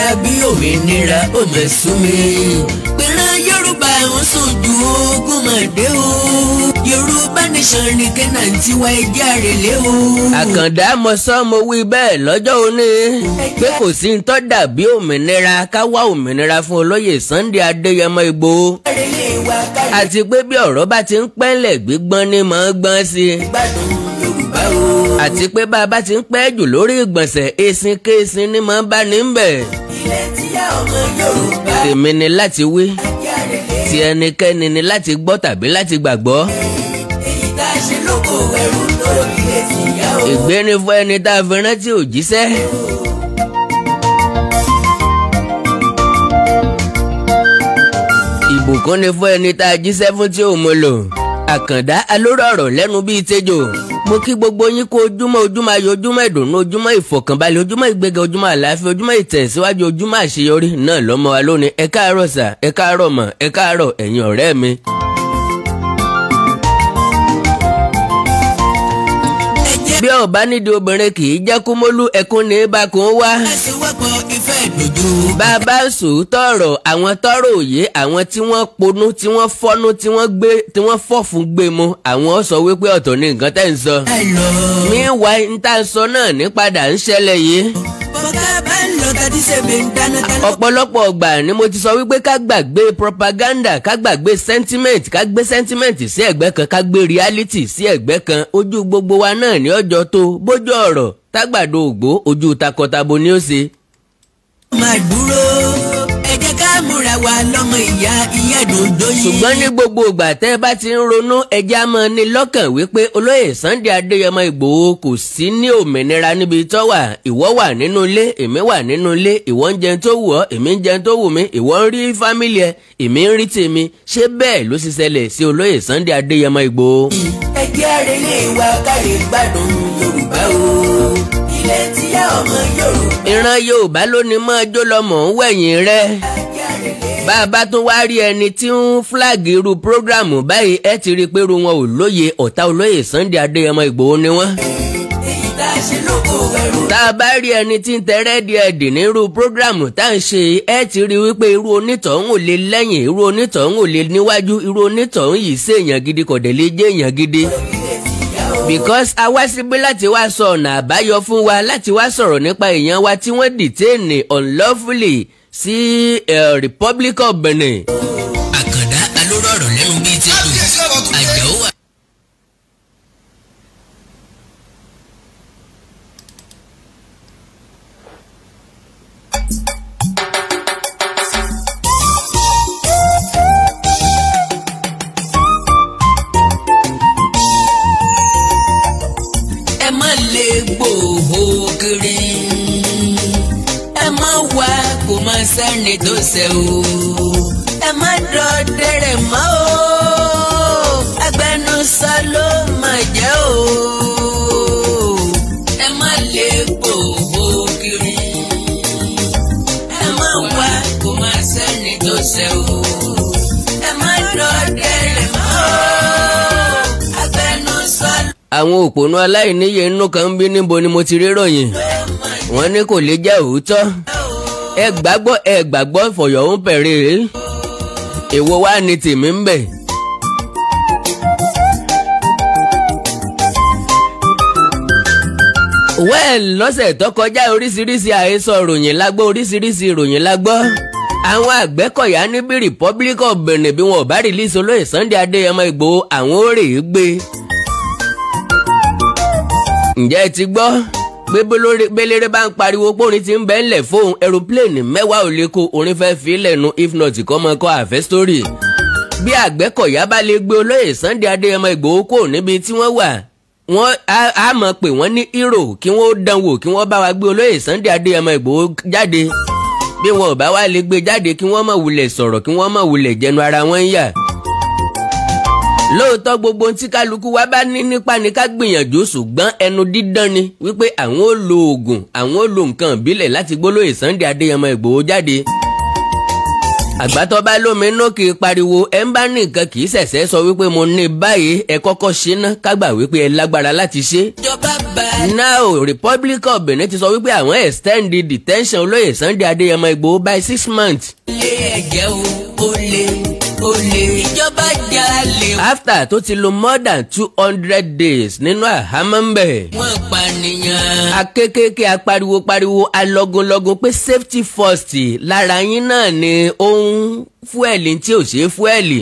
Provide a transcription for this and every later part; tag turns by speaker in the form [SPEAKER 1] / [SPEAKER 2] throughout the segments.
[SPEAKER 1] Nàìjíríà bí òmìnira ò mẹ̀sùnmi. Pẹ̀rẹ̀ Yorùbá ń sùn ju ogún màdé o. Yorùbá nation ni kẹ́nà ti wá ẹjẹ́ àrèlé o.
[SPEAKER 2] Àkàndá mo sọ mo wí bẹ́ẹ̀ lọ́jọ́ òní pé kò sí ń tọ́ dàbí òmìnira ká wá òmìnira fún olóyè Sunday Adéyẹmọ Ìgbòho. àti pé bí ọ̀rọ̀ bá ti ń pẹ́lẹ̀ gbígbọ́n ni mò ń gbọ́n sí i àti pé bá a bá ti ń pẹ́ jù lórí ìgbọ̀nsẹ̀ esin kéesin ni mo bá ní bẹ̀. ilé
[SPEAKER 1] tí ọmọ
[SPEAKER 2] Yorùbá. tèmi ni láti wí ti ẹnikẹ́ni ni láti gbọ́ tàbí láti gbàgbọ́.
[SPEAKER 1] èyí tá a ṣe lóko ẹrú lórí ilé tí
[SPEAKER 2] o. ìgbé fún ẹni tá a fi rántí òjíṣẹ́. ìbùkún ni fún ẹni tá a jíṣẹ́ fún tí ò mọ̀ lò àkàndá alóró lẹ́nu bíi tẹ́jọ́ mo kí gbogbo yín kó ojúmọ́ ojúmọ́ ayọ̀ ojúmọ́ ìdùnnú ojúmọ́ ìfọ̀kànbalẹ̀ ojúmọ́ ìgbéga ojúmọ́ àlàáfíà ojúmọ́ ìtẹ̀síwájú ojúmọ́ àṣeyọrí náà lọ́mọ wa lónìí ẹ káàárọ̀ sà ẹ káàárọ̀ mọ̀ ẹ káàárọ̀ ẹ̀yin ọ̀rẹ́ mi. bí ọ̀bá obìnrin kì í jẹ́ kó ẹkún ní bákun wá gbogbo. bàbá sòótọ́ ọ̀rọ̀ àwọn tọ́rọ òye àwọn tí wọ́n ponú tí wọ́n fọ́nú tí wọ́n gbé tí wọ́n fọ̀fun gbé mu àwọn sọ wípé ọ̀tọ̀ ni nǹkan tẹ́ ń sọ. míwá ń sọ náà ní padà ń ṣẹlẹ̀ yìí. ọ̀pọ̀lọpọ̀ ọgbà ni mo ti sọ wípé ká gbàgbé propaganda ká gbàgbé sentiment ká gbé sentiment sí ẹ̀gbẹ́ kan ká gbé reality sí ẹ̀gbẹ́ kan ojú gbogbo wa náà ní ọjọ́ tó bójú ọ̀rọ̀ tágbàdo ògbó ojú takọtabo ni ó ṣe
[SPEAKER 1] máa dúró ẹ jẹ́ ká múra wa lọ́mọ ìyá ìyá dòdò yìí. ṣùgbọ́n ní gbogbo ìgbà tẹ́ ẹ bá ti
[SPEAKER 2] ń ronú ẹjẹ́ á máa ní lọ́kàn wípé olóyè Sunday Adéyẹmọ Ìgbòho kò sí ní òmìnira níbi tó wà ìwọ wà nínú ilé èmi wà nínú ilé ìwọ ń jẹun tó wù ọ́ èmi ń jẹun tó wù mí ìwọ ń rí fámìlì ẹ èmi ń rí tèmi ṣé bẹ́ẹ̀ ló sì ṣẹlẹ̀ sí olóyè Sunday Adéyẹmọ Ìgbòho.
[SPEAKER 1] wa káre ilẹ̀ tí yá ọmọ Yorùbá.
[SPEAKER 2] ìran Yorùbá ló ní mọ́ ọjọ́ lọ́mọ ń wẹ̀yìn rẹ̀ bá a bá tún wá rí ẹni tí ń fúláàgì irú prógráàmù báyìí ẹ ti rí i pé irú wọn ò lóye ọ̀tá olóyè Sunday Adéyẹmọ Ìgbòho ni wọ́n. èyí tá a ṣe a bá rí ẹni tí ń tẹrẹ́ di ẹ̀dì nírú prógráàmù tá à ń ṣe ẹ ti rí wípé irú onítọ̀hún ò lè lẹ́yìn irú onítọ̀hún ò lè níwájú irú onítọ̀hún yìí ṣèèyàn gidi kọ̀dẹ̀ lè jẹ́ èèyàn gidi because a wá síbí láti wá sọ ọ̀nà àbáyọ fún wa láti wá sọ̀rọ̀ nípa èèyàn wa tí wọ́n dìtẹ́ẹ̀nì unlawfully sí si, uh, eh, Republic of Benin.
[SPEAKER 1] ẹsẹ̀ o. ẹ má dọdẹ rẹ̀ mọ́ o agbẹnusọ ló mà jẹ́ o. ẹ má lè gbòòbò kiri ẹ má wá kó má sẹ́ni tó sẹ́ o.
[SPEAKER 2] àwọn òpònú aláìníye inú kan ń bí níbo ni mo ti rí ròyìn wọ́n ní kò lè jẹ́ òótọ́ ẹ gbàgbọ́ ẹ gbàgbọ́ for your own peril èwo wá ní tèmi ń bẹ̀. well lọ́sẹ̀ tó kọjá oríṣiríṣi àhesọ ròyìn la gbọ́ oríṣiríṣi ròyìn la gbọ́ àwọn àgbẹ̀kọ̀yà níbi Republic of Benin bí wọn ò bá rìlíìsì olóyè Sunday Adéyẹmọ Ìgbòho àwọn ó rèé gbé. ǹjẹ́ ẹ ti gbọ́? gbélére bá ń pariwo pé orin ti ń bẹ́ ńlẹ̀ fóun aeroplane mẹ́wàá ò lè kó orin fẹ́ fi lẹ́nu if not kọ́ mọ́ kọ́ àfẹ́ story. bí àgbẹ̀kọ̀yà bá lè gbé olóyè Sunday Adéyẹmọ Ìgbòho kò níbi tí wọ́n wà wọ́n á mọ̀ pé wọ́n ní hero kí wọ́n dánwò kí wọ́n bá wa gbé olóyè Sunday Adéyẹmọ Ìgbòho jáde bí wọn ò bá wá lè gbé jáde kí wọ́n má wulẹ̀ sọ̀rọ̀ kí wọ́n má wulẹ̀ jẹnu ara wọn ń yà lóòótọ́ gbogbo ohun tí kálukú wa bá ní nípa ni ká gbìyànjú ṣùgbọ́n ẹnu dídán ni wípé àwọn ò lo oògùn àwọn ò lo nǹkan ìbílẹ̀ láti gbólóyè Sunday Adéyẹmọ Ìgbòho jáde àgbàtọ́ lómi inú pariwo ẹ ń bá ní nǹkan kì í ṣẹ̀ṣẹ̀ sọ wípé mo ní báyìí ẹ kọ́kọ́ ṣe ná kágbà wípé ẹ lágbára láti ṣe. now Republic of Benin ti sọ wípé àwọn extended detention olóyè Sunday Adéyẹmọ Ìgbòho by six months.
[SPEAKER 1] ilé ẹ̀jẹ̀ o ó lé olè ìjọba jalè.
[SPEAKER 2] after tó ti lo more than two hundred days nínú àhámọ́ ń bẹ̀.
[SPEAKER 1] wọ́n pànìyàn.
[SPEAKER 2] akékèké apariwo pariwo alọ́gunlọ́gun pé safety first lára yín náà ni ohun fúẹ̀lì tí ò ṣeé fúẹ̀lì.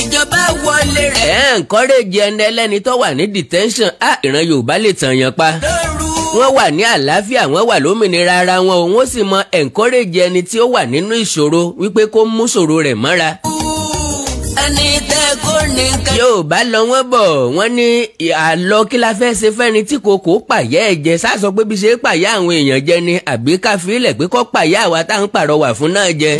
[SPEAKER 1] ìjọba wọlé rẹ̀.
[SPEAKER 2] ẹ̀ ń kọ́rẹ́jì ẹni ẹlẹ́ni tó wà ní detention á ah, ìran yorùbá lè tàn yàn pa. lórí wọ́n wà ní àlàáfíà wọ́n wà lómìnira ara wọn o wọ́n sì mọ encourage ẹni tí ó wà nínú ìṣòro wípé kó mú ṣòro rẹ̀ mọ́ra.
[SPEAKER 1] ẹni tẹ́ kó
[SPEAKER 2] ní ká. yóò bá lọ wọ́n bọ̀ wọ́n ní àlọ kí la fẹ́ ṣe fẹ́ni tí kòkó pàyẹ́ ẹ̀ jẹ sásọ pé bí ṣe é pàyẹ́ àwọn èèyàn jẹ ni àbí ká fílẹ̀ pé kọ́ pàyẹ́ àwa tá à ń pàrọwà fún náà jẹ.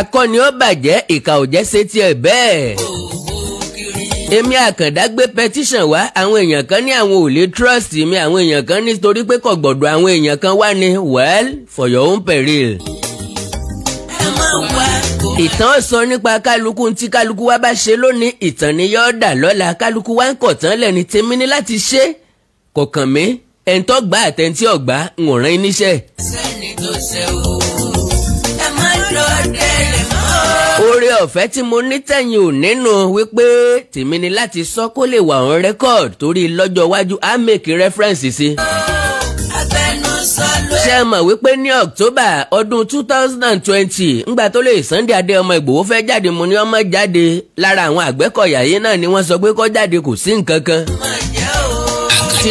[SPEAKER 2] akọni ó bàjẹ́ ìkà ò jẹ́ ṣe tiẹ̀ bẹ́ẹ̀ èmi àkàndá gbé petition wá àwọn èèyàn kan ní àwọn ò lè trust mi àwọn èèyàn kan nítorí pé kò gbọ́dọ̀ àwọn èèyàn kan wá ní well for your own peril. ìtàn sọ nípa kálukú tí kálukú wa bá ṣe lónìí ìtàn ni yóò dà lọ́la kálukú wa ń kọ̀ tán lẹ́ni tèmi ní láti ṣe kọ̀ọ̀kan mi ẹni tó gbà àtẹ̀ntí ọ̀gbà ń ràn iníṣẹ́.
[SPEAKER 1] sẹ́ni tó ṣe o ẹ má
[SPEAKER 2] lọ dẹ́rẹ́ mọ́. oore ọ̀fẹ́ tí mo ní tẹ̀yìn ò nínú wípé tèmi ni láti sọ kó lè wà on record torí lọ́jọ́ iwájú á make reference sí. ṣé ẹ mọ̀ wípé ní October ọdún 2020 thousand and twenty tó lè Sunday Adé ọmọ Ìgbòho fẹ́ jáde mo ní ọmọ jáde lára àwọn Àgbẹ̀kọ̀yà yìí náà ni wọ́n sọ pé kọ́ jáde kò sí nǹkan kan.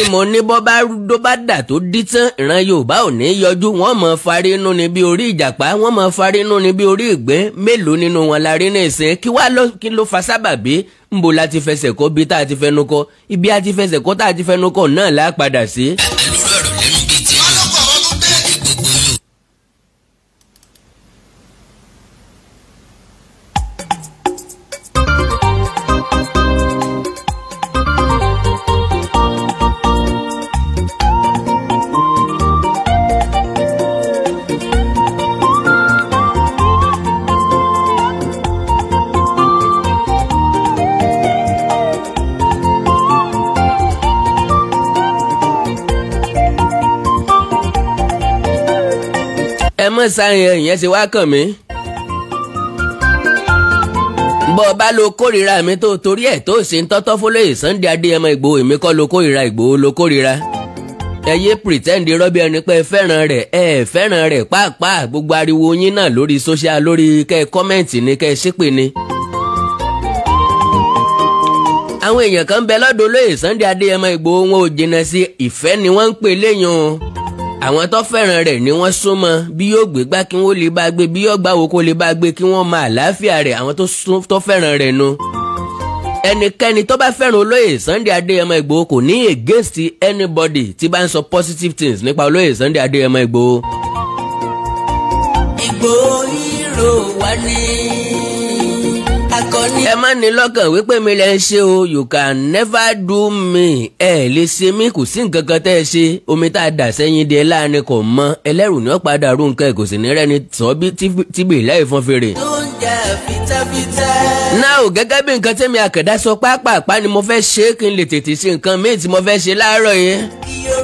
[SPEAKER 2] tí mo ní bọ́ bá dó bá dà tó dí tán ìran Yorùbá ò ní yọjú wọ́n mọ̀ farí inú ni bí orí ìjàpá wọ́n mọ̀ farí inú ni bí orí ìgbẹ́ mélòó nínú wọn la rí ní ìsìn kí wá ló kí ló fa sábàbí ńbo la ti fẹsẹ̀ kọ́ bí tá a ti fẹnu kọ́ ibi a ti fẹsẹ̀ kọ́ tá a ti fẹnu kọ́ náà la padà sí. sáré ẹ̀yìn yẹn ṣe wá kàn mí. bọ́ ọ bá lo kórìíra mi tó torí ẹ̀ tó ṣe ń tọ́tọ́ fọlẹ́ Sunday Adéyẹmọ Ìgbòho èmi kọ́ lo kórìíra Ìgbòho lo kórìíra. ẹ yé pretend rọ́bì ẹni pé fẹ́ràn rẹ̀ ẹ fẹ́ràn rẹ̀ pàápàá gbogbo ariwo yín náà lórí lórí kẹ́ ẹ kọ́mẹ̀ntì ni ni àwọn èèyàn kan bẹ lọ́dọ̀ Adéyẹmọ wọn ò jìnnà sí ìfẹ́ ni wọ́n ń pè léyìn àwọn tó fẹ́ràn rẹ̀ ni wọ́n súnmọ́ bí yóò gbé gbá kí wọ́n lè bá gbé bí yóò gbá wo kó lè bá gbé kí wọ́n mọ àlàáfíà rẹ̀ àwọn tó fẹ́ràn rẹ̀ nu. ẹnikẹ́ni tó bá fẹ́ràn olóyè Sunday Adéyẹmọ Ìgbòho kò ní against anybody tí bá ń sọ positive things nípa olóyè Sunday Adéyẹmọ Ìgbòho.
[SPEAKER 1] Ìgbòho hero wa ni akọni. ẹ má ní
[SPEAKER 2] lọ́kàn wípé mi lẹ ṣe o you can never do me ẹ lè ṣe mí kò sí nǹkan kan tẹ́ ẹ ṣe omi tá a dà sẹ́yìn di ẹ láàrin kò mọ ẹlẹ́rù ni ó padà rú nǹkan ẹ̀ kò sì ní rẹ́ni sọ bí tíbi ìlà ìfọ́n fèrè. tó náà gẹ́gẹ́ bí nǹkan tẹ́mi àkàndá sọ pápá àpá ni mo fẹ́ ṣe é kí n lè tètè ṣe nǹkan míì tí mo fẹ́ ṣe láàárọ̀ yẹn. iye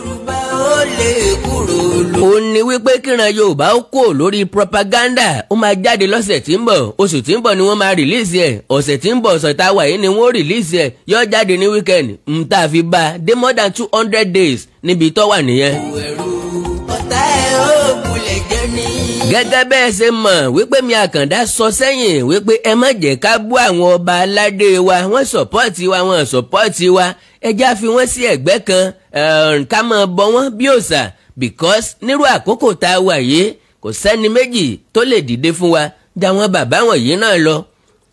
[SPEAKER 1] lè kúrò
[SPEAKER 2] lọ. ó ní wípé kíran yorùbá ó kò lórí propaganda ó máa jáde lọ́sẹ̀ tí ń bọ̀ oṣù tí ń bọ̀ ni wọ́n máa rìlíìsì ẹ̀ ọ̀sẹ̀ tí ń bọ̀ ọ̀sẹ̀ tá a wà yìí ni wọ́n rìlíìsì ẹ̀ yọ jáde ní weekend ń tà fi bá dé more than two hundred days níbi tó wà nìyẹn. ẹ̀rù ọ̀tá ẹ̀ ó kulẹ̀ jẹ́ ní gẹ́gẹ́ bẹ́ẹ̀ ṣe mọ̀ wípé mi àkàndá sọ sẹ́yìn wípé ẹ má jẹ́ ká bú àwọn ọba aládé wa wọ́n sọ̀pọ́ọ̀tì wa wọ́n sọ̀pọ́ọ̀tì wa ẹja fi wọ́n sí ẹ̀gbẹ́ kan ká máa bọ wọ́n bí òòṣà because nírú àkókò tá a wà yìí kò sẹ́ni méjì tó lè dìde fún wa dá wọn bàbá wọ̀nyí náà lọ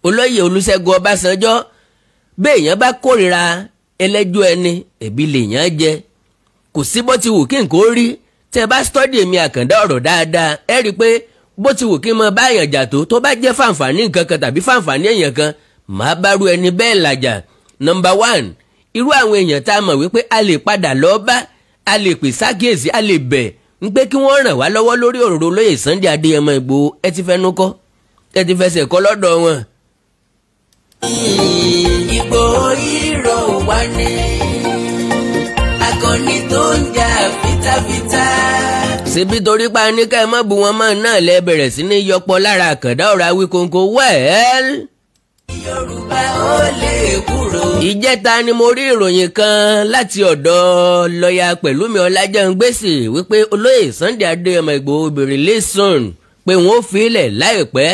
[SPEAKER 2] olóyè olúṣẹ́gun ọbásanjọ́ béèyàn bá kórìíra ẹlẹ́jọ́ ẹni ẹ̀bi lèèyàn jẹ kò sí bó ti wù kí n kò rí tẹ́ bá stọ́dì èmi àkàndá ọ̀rọ̀ dáadáa ẹ rí i pé bó ti wù kí n mọ báyàn jà tó tó bá jẹ́ fàǹfààní nǹkan kan tàbí fàǹfààní èèyàn kan màá bá ru ẹni bẹ́ẹ̀ làjà number one irú àwọn èèyàn tá a mọ̀ wípé a lè padà lọ bá a lè pè ságèsì a lè bẹ̀ ń pé kí wọ́n ràn wá lọ́wọ́ lórí òróró lóye Sunday Adéyẹmọ Ìgbòho ẹ ti fẹnu kọ́ ẹ ti fẹsẹ̀ kọ́ lọ́dọ̀ wọn.
[SPEAKER 1] Ìgbòho hero wa ni akọni tó ń jà fitafita.
[SPEAKER 2] ṣebí torí pa ní ká ẹ má bu wọn mọ́ náà lẹ bẹ̀rẹ̀ sí ní yọpọ̀ lára àkàndá ọ̀rọ̀ Awíkóńkó wẹ́ẹ́l. Well. Yorùbá ó lè kúrò. ìjẹta ni mo rí ìròyìn kan láti ọ̀dọ̀ lọ́ọ̀yà Pẹ̀lúmi Ọlájàngbèsè wípé olóyè Sunday Adéyẹmọ Ìgbòho bèrè lẹ́sùn pé wọ́n ó fi ilẹ̀ láìpẹ́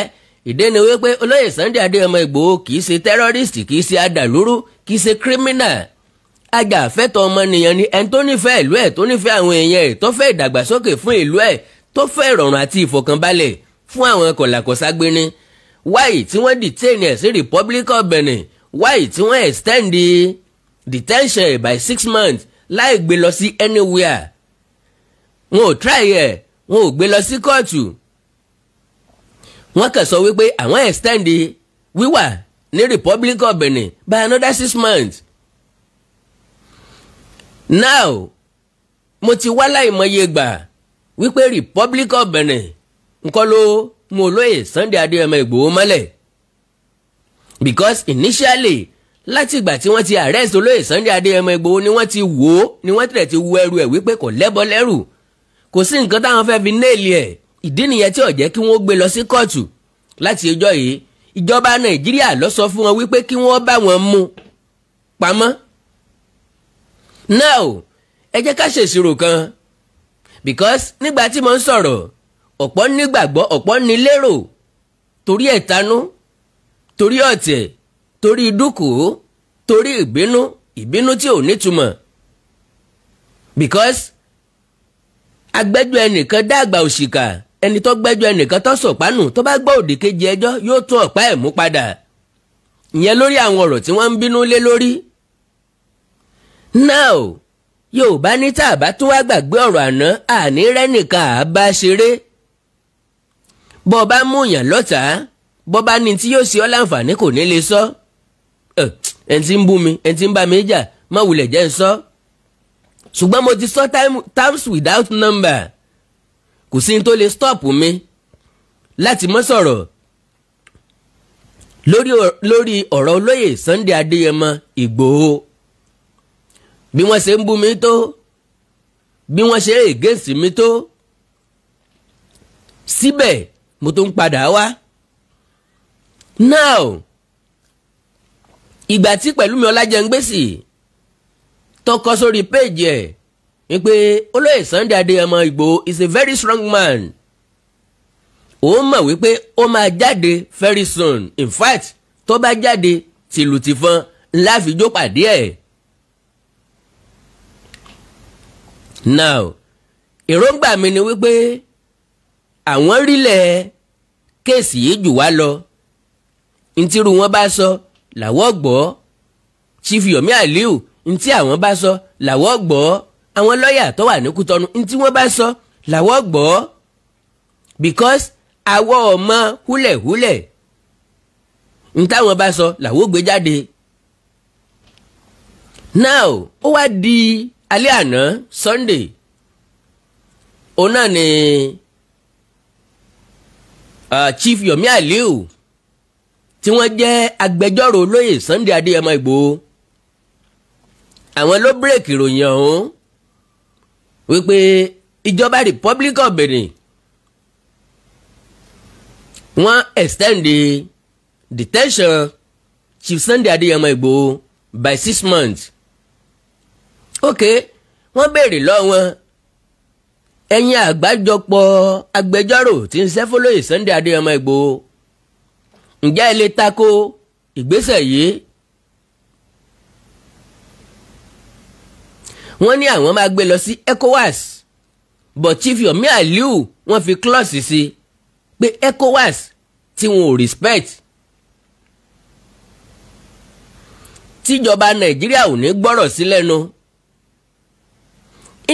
[SPEAKER 2] ìdí ni wípé olóyè Sunday Adéyẹmọ Ìgbòho kìí ṣe tẹ́rọ́rìstì kìí ṣe adàlúrú kìí ṣe kírímínà ajàfẹ́tọ̀ ọmọnìyàn ni ẹni tó nífẹ̀ẹ́ ìlú ẹ̀ tó nífẹ̀ẹ́ àwọn èèyàn ẹ̀ tó fẹ́ ìdàgbàsókè fún ìlú ẹ̀ tó fẹ́ ìrọ̀rùn àti ìfọ̀kànbalẹ̀ fún àwọn kọ̀làkọ̀ságbéni why tí wọ́n detain ẹ̀ sí Republic of Benin why tí wọ́n extend the detention by six months láì gbé lọ sí anywhere wọn ò try ẹ̀ wọn ò gbé lọ sí kóòtù wọ́n kàn sọ wípé àwọn extend wíwà ní Republic of Benin by another six months now mo ti wá láìmọye gbà wípé Republic of Benin ńkọ́ ló mo olóyè e Sunday Adéyẹmọ Ìgbòho mọ́lẹ̀ because initially láti ìgbà tí wọ́n ti arrest olóyè Sunday Adéyẹmọ Ìgbòho ni wọ́n ti wò ó ni wọ́n tilẹ̀ ti wo ẹrù ẹ̀ wípé kò lẹ́bọ lẹ́rù kò sí nǹkan táwọn fẹ́ fi néèlì ẹ̀ ìdí nìyẹn tí ó jẹ́ kí wọ́n gbé lọ sí kóòtù láti ẹjọ́ yìí ìjọba Nàìjíríà lọ sọ fún wọn wípé kí wọ́n bá wọn mú pamọ́ now ẹ jẹ́ ká ṣèṣirò kan because nígbà tí mo ń sọ̀rọ̀ ọ̀pọ̀ nígbàgbọ́ ọ̀pọ̀ nílérò torí ẹ̀tanú torí ọ̀tẹ̀ torí dúkùú torí ìbínú ìbínú tí ò nítumọ̀ because agbẹ́jọ́ ẹnìkan dàgbà òṣìkà ẹni tó gbẹ́jọ́ ẹnìkan tó sọ̀pánù tó bá gbọ́ òdì kejì ẹjọ́ yóò tún ọ̀pá ẹ̀ mú padà ìyẹn lórí àwọn ọ̀rọ̀ tí wọ́n ń bínú lé lórí. now yorùbá ní tá a bá tún wá gbàgbé ọ̀rọ̀ àná àní rẹ́nìkan àá bá ṣeré bọ́ ọ bá mú yàn lọ́tàá bọ́ bá ní tí yóò ṣe ọ́ láǹfààní kò ní lè sọ ẹ̀ ń ń bú mi ẹ̀ ń ń bá mi jà má wulẹ̀ jẹ́ ń sọ ṣùgbọ́n mo ti sọ times without number kò sí ní tó lè stop mi láti mọ́ sọ̀rọ̀ lórí ọ̀rọ̀ olóyè Sunday Adéyẹmọ Ìgbòho bí wọ́n ṣe ń bú mi tó bí wọ́n ṣe ègéǹsì mi tó síbẹ̀ mo tó ń padà wá. now ìgbà tí Pẹ̀lúmi Ọlájẹngbèsì tọkọ sórí péèjì ẹ̀ ni pé olóyè Sunday Adéyẹmọ Ìgbòho is a very strong man òun mọ̀ wípé ó máa jáde very soon in fact tó bá jáde tìlùtìfọn ńlá fìjó pàdé ẹ̀. now èròǹgbà mi ni wípé àwọn rílẹ̀ kéèsì yìí jù wá lọ ntiru wọn bá sọ làwọ́ gbọ́ Chief Yomi Aliu ntí àwọn bá sọ làwọ́ gbọ́ àwọn lọ́ọ̀yà tó wà ní Kútọ́nù ntí wọ́n bá sọ làwọ́ gbọ́ because àwọ̀ ọmọ húlẹ̀húlẹ̀ ntáwọn bá sọ làwọ́ gbé jáde now ó wá di alẹ́ àná Sunday òun náà ni uh, Chief Yomi Aliu tí wọ́n jẹ́ agbẹjọ́rò olóyè Sunday Adéyẹmọ Ìgbòho àwọn ló bírèkì ìròyìn ọ̀hún wípé ìjọba Republic of Benin wọ́n extend the detention Chief Sunday Adéyẹmọ Ìgbòho by six months ok wọ́n béèrè lọ́wọ́ ẹ̀yin àgbájọpọ̀ agbẹjọ́rò tí ń ṣẹ́ fọlọ́yè Sunday Adéyẹmọ Ìgbòho ǹjẹ́ ẹ lè tako ìgbésẹ̀ yìí wọ́n ní àwọn máa gbé lọ sí ECOWAS but Chief Yomi Aliu wọ́n fi klọ́ọ̀sì sí pé ECOWAS tí wọn ò respect tíjọba Nàìjíríà ò ní gbọ́rọ̀ sí lẹ́nu. No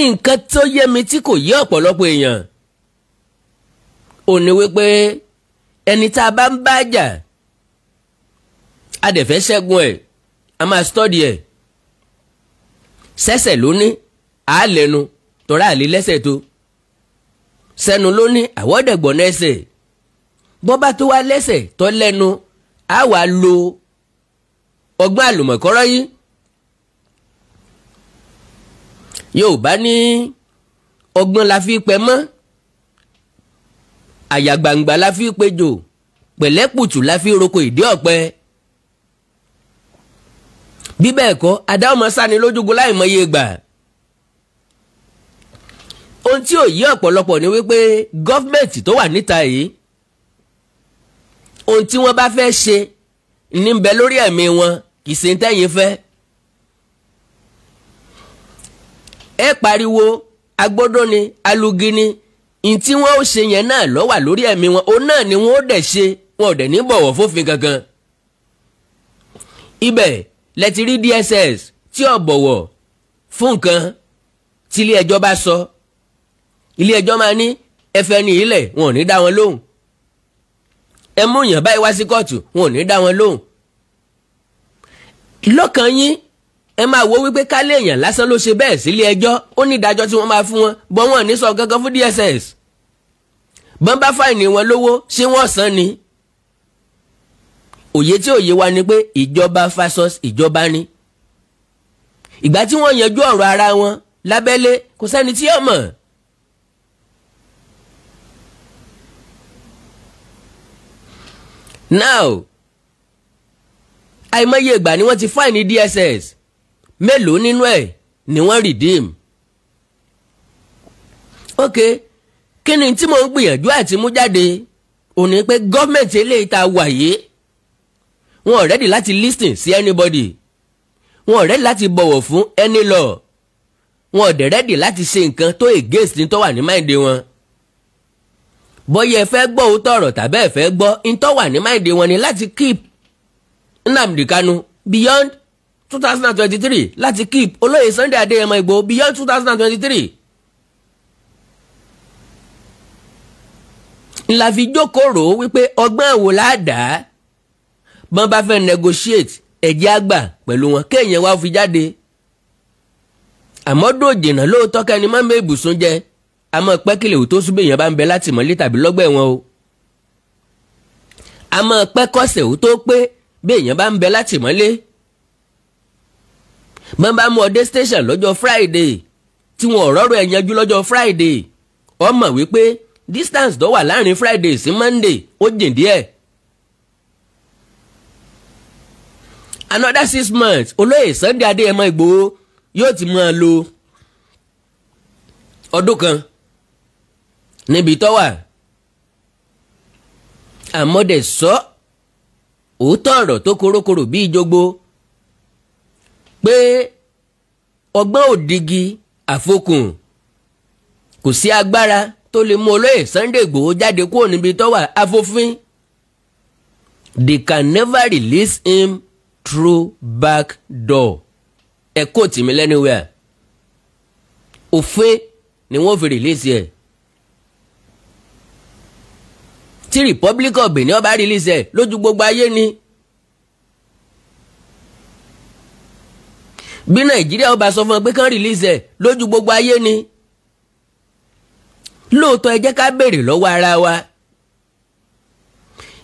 [SPEAKER 2] nǹkan tó yé mi tí kò yé ọ̀pọ̀lọpọ̀ èèyàn ò ní wípé ẹni tá a bá ń bá jà a dẹ̀ fẹ́ ṣẹ́gun ẹ̀ a máa stọ́dì ẹ̀ sẹ́sẹ̀ ló ní lẹ́nu tọ́ra àlè lẹ́sẹ̀ tó sẹ́nu ló ní bọ́bá tó wá lẹ́sẹ̀ tọ́ lẹ́nu á wàá lo ọgbọ́n àlùmọ̀kọ́rọ́ yìí yorùbá ní ọgbọ́n la fi pẹ mọ́ àyà gbangba la fi pejò pẹ̀lẹ́pùtù la fi roko ìdí ọ̀pẹ bí bẹ́ẹ̀ kọ́ adá ọmọ sani lójúgun láì mọye gbà ohun tí ò yí ọ̀pọ̀lọpọ̀ ni wípé gọ́fmẹ̀ntì tó wà níta yìí ohun tí wọ́n bá fẹ́ ṣe ní bẹ lórí ẹ̀mí wọn kì ṣe ń tẹ́yìn fẹ́ ẹ pariwo agbódó ni alugi ni n tí wọ́n ó ṣe yẹn náà ló wà lórí ẹ̀mí wọn òun náà ni wọ́n ó dẹ̀ ṣe wọn ò dẹ̀ ní bọ̀wọ̀ fófin kankan. ibẹ̀ lẹ rí DSS tí ò bọ̀wọ̀ fún nǹkan tí ilé ẹjọ́ bá sọ ilé ẹjọ́ máa ní ẹfẹ ní ilẹ̀ wọn ò ní dá wọn lóhùn ẹ yàn báyìí wá sí kóòtù wọn ò ní dá wọn lóhùn lọ́kàn yín ẹ máa wo wípé ká léèyàn lásán ló ṣe bẹ́ẹ̀ sílé ẹjọ́ ó ní ìdájọ́ tí wọ́n máa fún wọn bọ́ wọn ní sọ gangan fún DSS bọ́n bá fáìní wọn lówó ṣé wọ́n san ni. òye tí òye wa ni pé ìjọba fasos ìjọba ni. ìgbà tí wọ́n yanjú ọ̀rọ̀ ara wọn lábẹ́lé kò sẹ́ni tí yóò mọ̀. now àìmọye ìgbà ni wọ́n ti fáìní DSS mélòó nínú ẹ̀ ni wọ́n redeem. ok kí ni tí mo ń gbìyànjú àti mú jáde ò ní pé gọ́ọ̀mẹ̀ntì eléyìí tá a wà yìí wọn ò rẹ́dì láti listen sí anybody wọn ò rẹ́dì láti bọ̀wọ̀ fún any law wọn ò dẹ̀ rẹ́dì láti ṣe nǹkan tó against ní tó wà ní máìndé wọn bọ́yẹ ẹ fẹ́ gbọ́ òótọ́ ọ̀rọ̀ tàbí ẹ fẹ́ gbọ́ ntọ́ wà ní máìndé wọn ni láti keep Nnamdi Kanu beyond 2023. thousand and twenty-three láti keep olóyè Sunday Adéyẹmọ Ìgbòho beyond 2023. thousand and twenty-three. ńlá fi jókòó rò wípé ọgbọ́n àwò ládàá bọ́n bá fẹ́ negotiate ẹ̀jẹ̀ àgbà pẹ̀lú wọn kéèyàn wá fi jáde àmọ́ dòjìnà lóòótọ́ kẹ́ni má mẹ́ ibùsùn jẹ àmọ́ pẹ́kìlẹ̀ ò tó súnbẹ̀ èèyàn bá ń bẹ láti mọ́lé tàbí lọ́gbà ẹ̀wọ̀n o àmọ́ pẹ́kọ̀sẹ̀ ò pé bí èèyàn bá ń bẹ láti mọ́lé bọ́n bá mú ọ dé station lọ́jọ́ friday tí wọn ò rọ́rọ̀ ẹ̀ yanjú lọ́jọ́ friday ọ mọ̀ wípé distance tó wà láàrin friday sí monday ó jìn díẹ̀. another six months olóyè sunday adéyẹmọ ìgbòho yóò ti mú ọ lọ ọdún kan níbi tó wà àmọ́dẹ̀ sọ òótọ́ ọ̀rọ̀ tó korokoro bíi jogbo pé ọgbọ́n òdigi àfokùn kò sí agbára tó lè mú olóyè Sunday Igboho jáde kúrò níbi tó wà afófin they can never release him through back door ẹ kó tìmí lẹ́nu wẹ̀ òfin ni wọ́n fi release ẹ̀ tí Republic of Benin ọba release ẹ̀ lójú gbogbo ayé ni. bí nàìjíríà ó bá sọ fún ọ pé kán release ẹ lójú gbogbo ayé ni lóòótọ́ ẹ jẹ́ ká béèrè lọ́wọ́ ara wa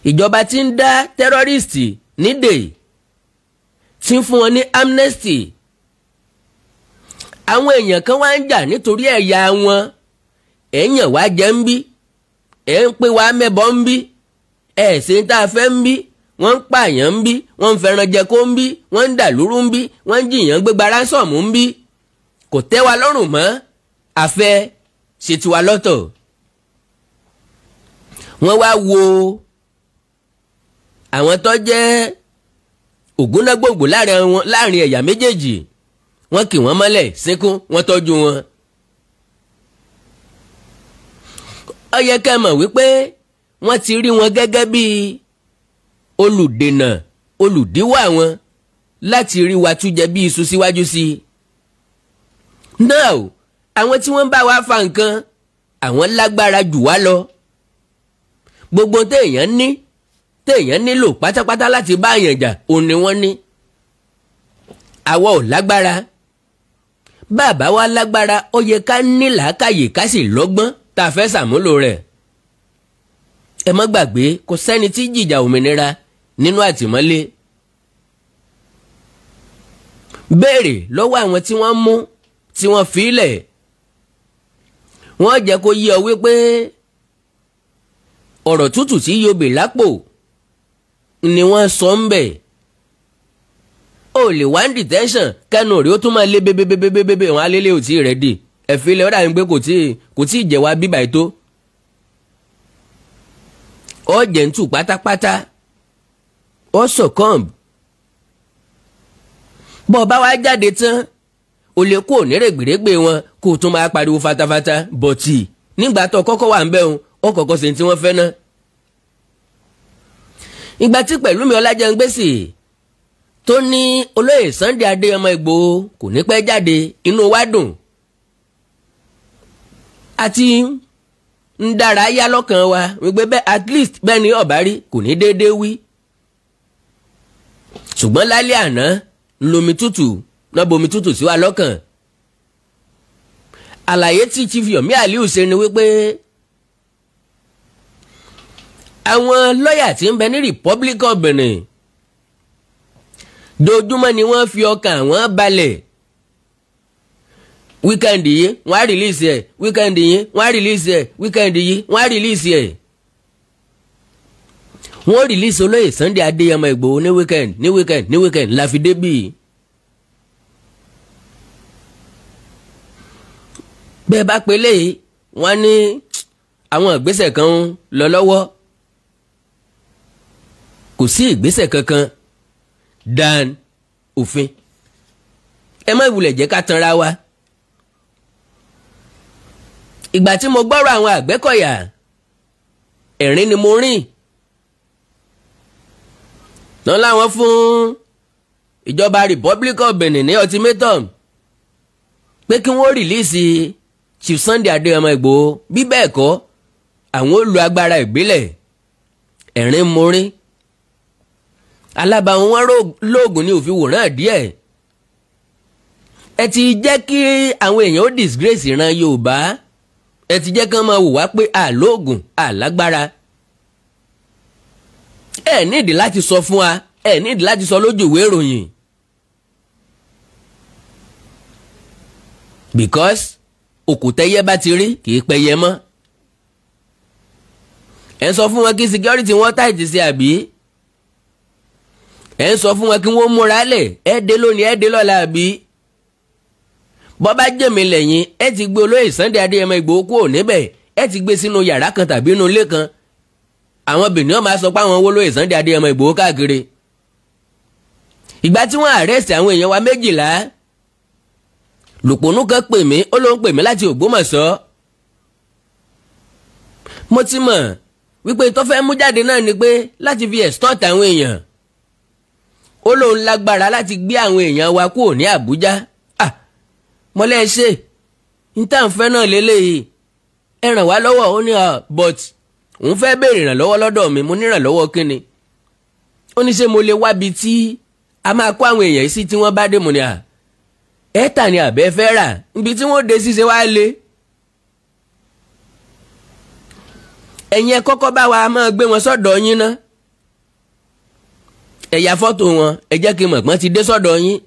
[SPEAKER 2] ìjọba ti ń dá tẹ́rọ́rìstì nídè ti ń fún wọn ní amnesty àwọn èèyàn kan wá ń jà nítorí ẹ̀yà wọn èèyàn wá jẹ́ ń bí ẹ̀ ń pè wá mẹ́bọ̀ ń bí ẹ̀ sì ń tá a fẹ́ ń bí wọ́n ń pààyàn ń bí wọ́n ń fẹ́ràn jẹko ń bí wọ́n ń dàlúrú ń bí wọ́n ń jìyàn gbégbá ránsọ̀mù ń bí kò tẹ́ wa lọ́rùn mọ́ àfẹ́ ṣètìwá lọ́tọ̀ wọ́n wá wo àwọn tó jẹ́ ògúnnágbòǹgbò láàrin ẹ̀yà méjèèjì wọ́n kì wọ́n mọ́lẹ̀ sínkún wọ́n tọ́jú wọn. ó yẹ ká mọ̀ wípé wọ́n ti rí wọn gẹ́gẹ́ bíi olùdènà olùdíwọ́ àwọn láti rí wa tújẹ bí iṣu síwájú sí i. now àwọn tí wọ́n ń bá wa fa nǹkan àwọn lágbára jù wá lọ gbogbo téèyàn ní téèyàn nílò pátápátá láti bá àyàn jà òun ni wọ́n ní àwa ò lágbára bàbá wa lágbára ó yẹ ká ní làákàyè ká sì lọ́gbọ́n tá a fẹ́ ṣàmúlò rẹ̀ ẹ má gbàgbé kò sẹ́ni tí jìjà òmìnira nínú àtìmọ́lé béèrè lọ́wọ́ àwọn tí wọ́n mú tí wọ́n fi lẹ̀ wọ́n jẹ́ kó yé ọ wípé ọ̀rọ̀ tútù tí yobè lápò ni wọ́n sọ ń bẹ̀ ó lè wá ní detention kẹ́nu rẹ̀ ó tún máa lé bébébébébébé wọn alélé òtí rẹ̀ dì ẹ̀fílẹ̀ ó dàbí pé kò tí kò tí ì jẹ́ wá bíbà ètò ọ̀jẹ̀ ń tù pátápátá. Ọ sọ̀kọ́m bọ́ ọ bá wá jáde tán o lè kó onírègbèrègbè wọn kó o tún máa pariwo fatafata bọ̀tì nígbà tó kọ́kọ́ wà ń bẹ̀ òun ó kọ́kọ́ ṣe tí wọ́n fẹ́ ná. ìgbà tí Pẹ̀lúmi gbèsè tó ní olóyè Sunday ọmọ Ìgbòho kò ní pẹ́ jáde inú wa dùn àti ń dára yá lọ́kàn wa wípé bẹ́ẹ̀ at least bẹ́ẹ̀ ni ọ̀bá rí kò ní déédéé wí. ṣùgbọ́n lálẹ́ àná lomi tútù náà bomi tútù sí wa lọ́kàn àlàyé tí Chief Yomi Aliu ṣe ni wípé àwọn lọ́ọ̀yà tí ń bẹ ní Republic of Benin dojúmọ́ ni wọ́n fi ọkàn àwọn balẹ̀ wíkẹ́ndì yìí wọ́n á release. ẹ̀ wíkẹ́ndì yìí wọ́n á rìlíìsì ẹ̀ wíkẹ́ndì yìí wọ́n á rìlíìsì ẹ̀ wọ́n rìlíìsì olóyè Sunday Adéyẹmọ Ìgbòho ní weekend ní weekend ní weekend láfidébì. bẹ́ẹ̀ bá pe léyìí wọ́n ní àwọn ìgbésẹ̀ kan ń lọ lọ́wọ́ kò sí ìgbésẹ̀ kankan dan òfin ẹ má ìwulẹ̀ jẹ́ ká tanra wa ìgbà tí mo gbọ́rọ̀ àwọn Àgbẹ̀kọ̀yà ẹ̀rín ni mo rìn náà láwọn fún ìjọba Republic of Benin ní ultimatum pé kí wọ́n rìlíìsì Chief Sunday Adéyẹmọ Ìgbòho bí bẹ́ẹ̀ kọ́ àwọn ó lu agbára ìgbélẹ̀ ẹ̀rín morin alábàáwọn wọn lóògùn ní òfin wòran díẹ̀ ẹ ti jẹ́ kí àwọn èèyàn ó disgrace ìran Yorùbá ẹ ti jẹ́ kí wọ́n máa wò wá pé àlóògùn àlágbára ẹ nídìí láti sọ fún wa ẹ nídìí láti sọ lójú ìwé ìròyìn because òkùtẹ́yẹ bá ti rí kì í pẹyẹ mọ́ ẹ ń sọ fún wọn kí security wọn tàìtì sí àbí ẹ ń sọ fún wọn kí wọ́n múra lẹ̀ ẹ dé lónìí ẹ dé lọ́la àbí bọ́bá jẹ̀mí lẹ́yìn ẹ ti gbé olóyè Sunday Adéyẹmọ Ìgbòho kúrò níbẹ̀ ẹ ti gbé sínú yàrá kan tàbí inú ilé kan àwọn Benin máa sọ pé àwọn wó lóye Sunday Adéyẹmọ Ìgbòho káàkiri ìgbà tí wọ́n àrẹ́sì àwọn èèyàn wa méjìlá lùpọ̀nù kan pè mí ó ló ń pè mí láti Ògbómọ̀ṣọ́ mo ti mọ̀ wípé tó fẹ́ mú jáde náà ni pé láti fi extort àwọn èèyàn ó lóun lágbára láti gbé àwọn èèyàn wa kúrò ní Àbújá ah mọ́lẹ́ ṣe n tá à ń fẹ́ náà lélẹ́yìí ẹ ràn wá lọ́wọ́ ó ní ọ ah, but. òun fẹ́ béèrè ìrànlọ́wọ́ lọ́dọ̀ mi mo nírànlọ́wọ́ kíni ó ní ṣé mo lè wábi tí a máa kó àwọn èèyàn sí tí wọ́n bá dé mo ní à ẹ tà ní àbẹ́ fẹ́ rà níbi tí wọ́n dé ṣiṣẹ́ wá lé ẹ̀yin ẹ kọ́kọ́ bá wa máa gbé wọn sọ́dọ̀ yín ná ẹ fọ́tò wọn ẹ jẹ́ kí n mọ̀ pọ́n ti dé sọ́dọ̀ yín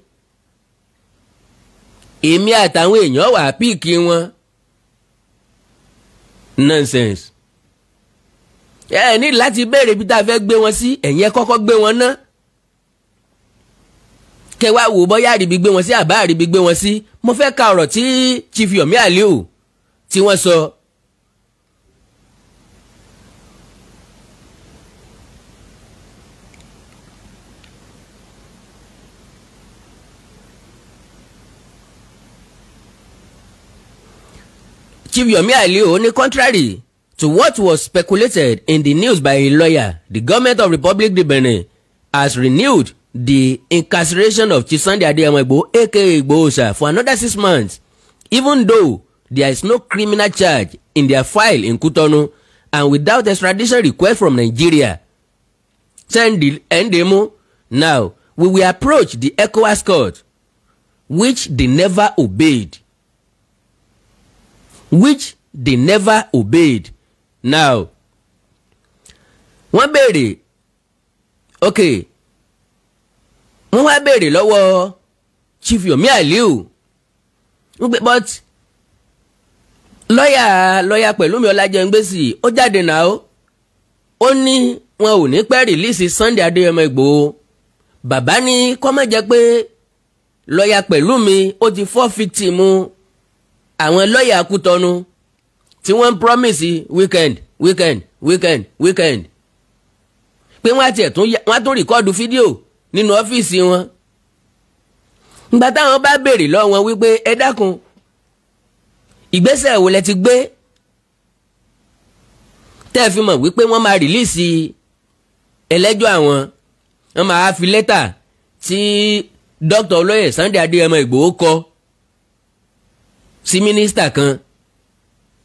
[SPEAKER 2] èmi àtàwọn èèyàn wà píìkì wọn nonsense. ẹ ní láti béèrè ibi tá a fẹ́ gbé wọn sí ẹ̀yin ẹ kọ́kọ́ gbé wọn ná kẹ wá wò bọ́yá àríbi gbé wọn sí àbá àríbi gbé wọn sí mo fẹ́ ka ọ̀rọ̀ tí Chief Yomi Aliu tí wọ́n sọ. Chief Yomi Aliu ní contrary To what was speculated in the news by a lawyer, the government of Republic of Benin has renewed the incarceration of Chisande Adeyemo Igboho aka Igboho for another six months, even though there is no criminal charge in their file in Cotonou and without extradition request from Nigeria. Sendi Endemo, now we will approach the ECOWAS court, which they never obeyed. Which they never obeyed now wọ́n béèrè ok wọ́n wá béèrè lọ́wọ́ Chief Yomi Aliu but lọ́yà lọ́yà Pẹ̀lúmi Ọlájẹ́ngbèsì ó jáde náà ó ní wọn ò ní pẹ́ rìlíìsì Sunday Adéyẹmọ Ìgbòho bàbá ní kó má jẹ́ pé lọ́yà Pẹ̀lúmi ó ti fọ́ fìtìmù àwọn lọ́yà Kútọ́nu tí wọ́n ń promise weekend weekend weekend weekend pé wọ́n á tiẹ̀ tún wọ́n á tún rìkọ́ọ̀dù fídíò nínú ọ́fíìsì wọn ìgbà táwọn bá béèrè lọ́wọ́ wọn wípé ẹ dákun ìgbésẹ̀ wo lẹ ti gbé tẹ́ ẹ fi mọ̀ wípé wọ́n máa rìlíìsì ẹlẹ́jọ́ àwọn wọ́n máa fi lẹ́tà tí dókítà olóyè Sunday Adéyẹmọ Ìgbòho kọ sí mínísítà kan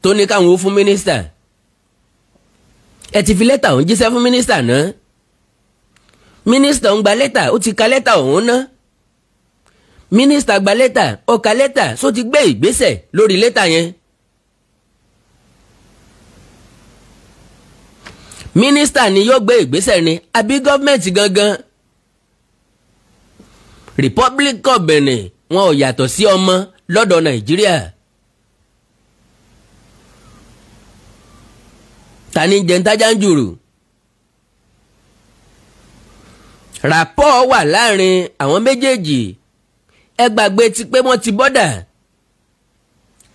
[SPEAKER 2] tó ní káwọn ó fún mínísítà ẹ ti fi lẹ́tà ọ̀hún jíṣẹ́ fún mínísítà náà mínísítà ń gba lẹ́tà ó ti ka lẹ́tà ọ̀hún ná mínísítà gba lẹ́tà ó lẹ́tà só ti gbé ìgbésẹ̀ lórí lẹ́tà yẹn mínísítà ni yóò gbé ìgbésẹ̀ ni àbí gọ́ọ̀mẹ̀ntì gangan Republic of Benin wọn ò yàtọ̀ sí ọmọ lọ́dọ̀ Nàìjíríà. ta ni jẹ́ ń tájà ń jùrù ràpọ̀ wà láàrin àwọn méjèèjì ẹ gbàgbé ti pé wọ́n ti bọ́dà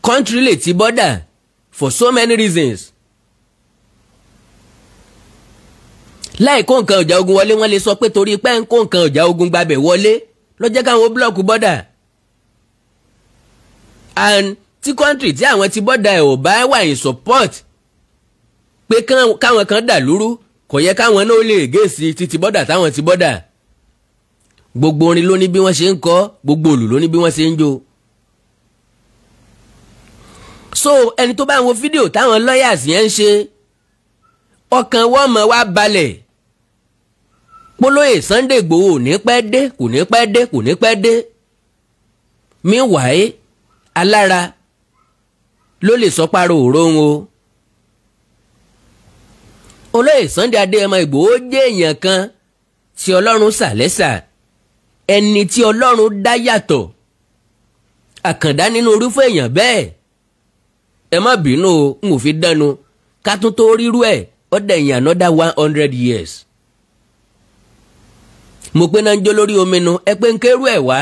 [SPEAKER 2] country lè ti bọ́dà for so many reasons láì kó nǹkan ọjà ogun wọlé wọ́n lè sọ pé torí pé ń kó nǹkan ọjà ogun gbabẹ̀ wọlé ló káwọn búlọ̀kù bọ́dà and tí country tí àwọn ti bọ́dà ẹ̀ ò bá wà in support pé káwọn kan dà lúrú kò yẹ káwọn náà lè gèsì títí bọ́dà táwọn ti bọ́dà gbogbo orin ló ní bí wọ́n ṣe ń kọ gbogbo òlù ló ní bí wọ́n ṣe ń jó so ẹni tó bá wo fídíò táwọn lawyers yẹn ń ṣe ọkàn wọn mọ̀ wá balẹ̀ polóye Sunday Igboho ò ní pẹ́ dé kò ní pẹ́ dé kò ní pẹ́ dé meanwhile alára ló lè sọ parọ́ òróhùn o olóyè Sunday Adéyẹmọ Ìgbòho jẹ́ èèyàn kan tí ọlọ́run sàlẹ́sà ẹni tí ọlọ́run dá yàtọ̀ àkàndá nínú irúfẹ́ èèyàn bẹ́ẹ̀ ẹ má bínú o n ò fi dánu ká tún tó rírú ẹ̀ ó dẹ̀yìn another one hundred years. mo pe náà ń jó lórí omi nu ẹ pé ń kérú ẹ̀ wá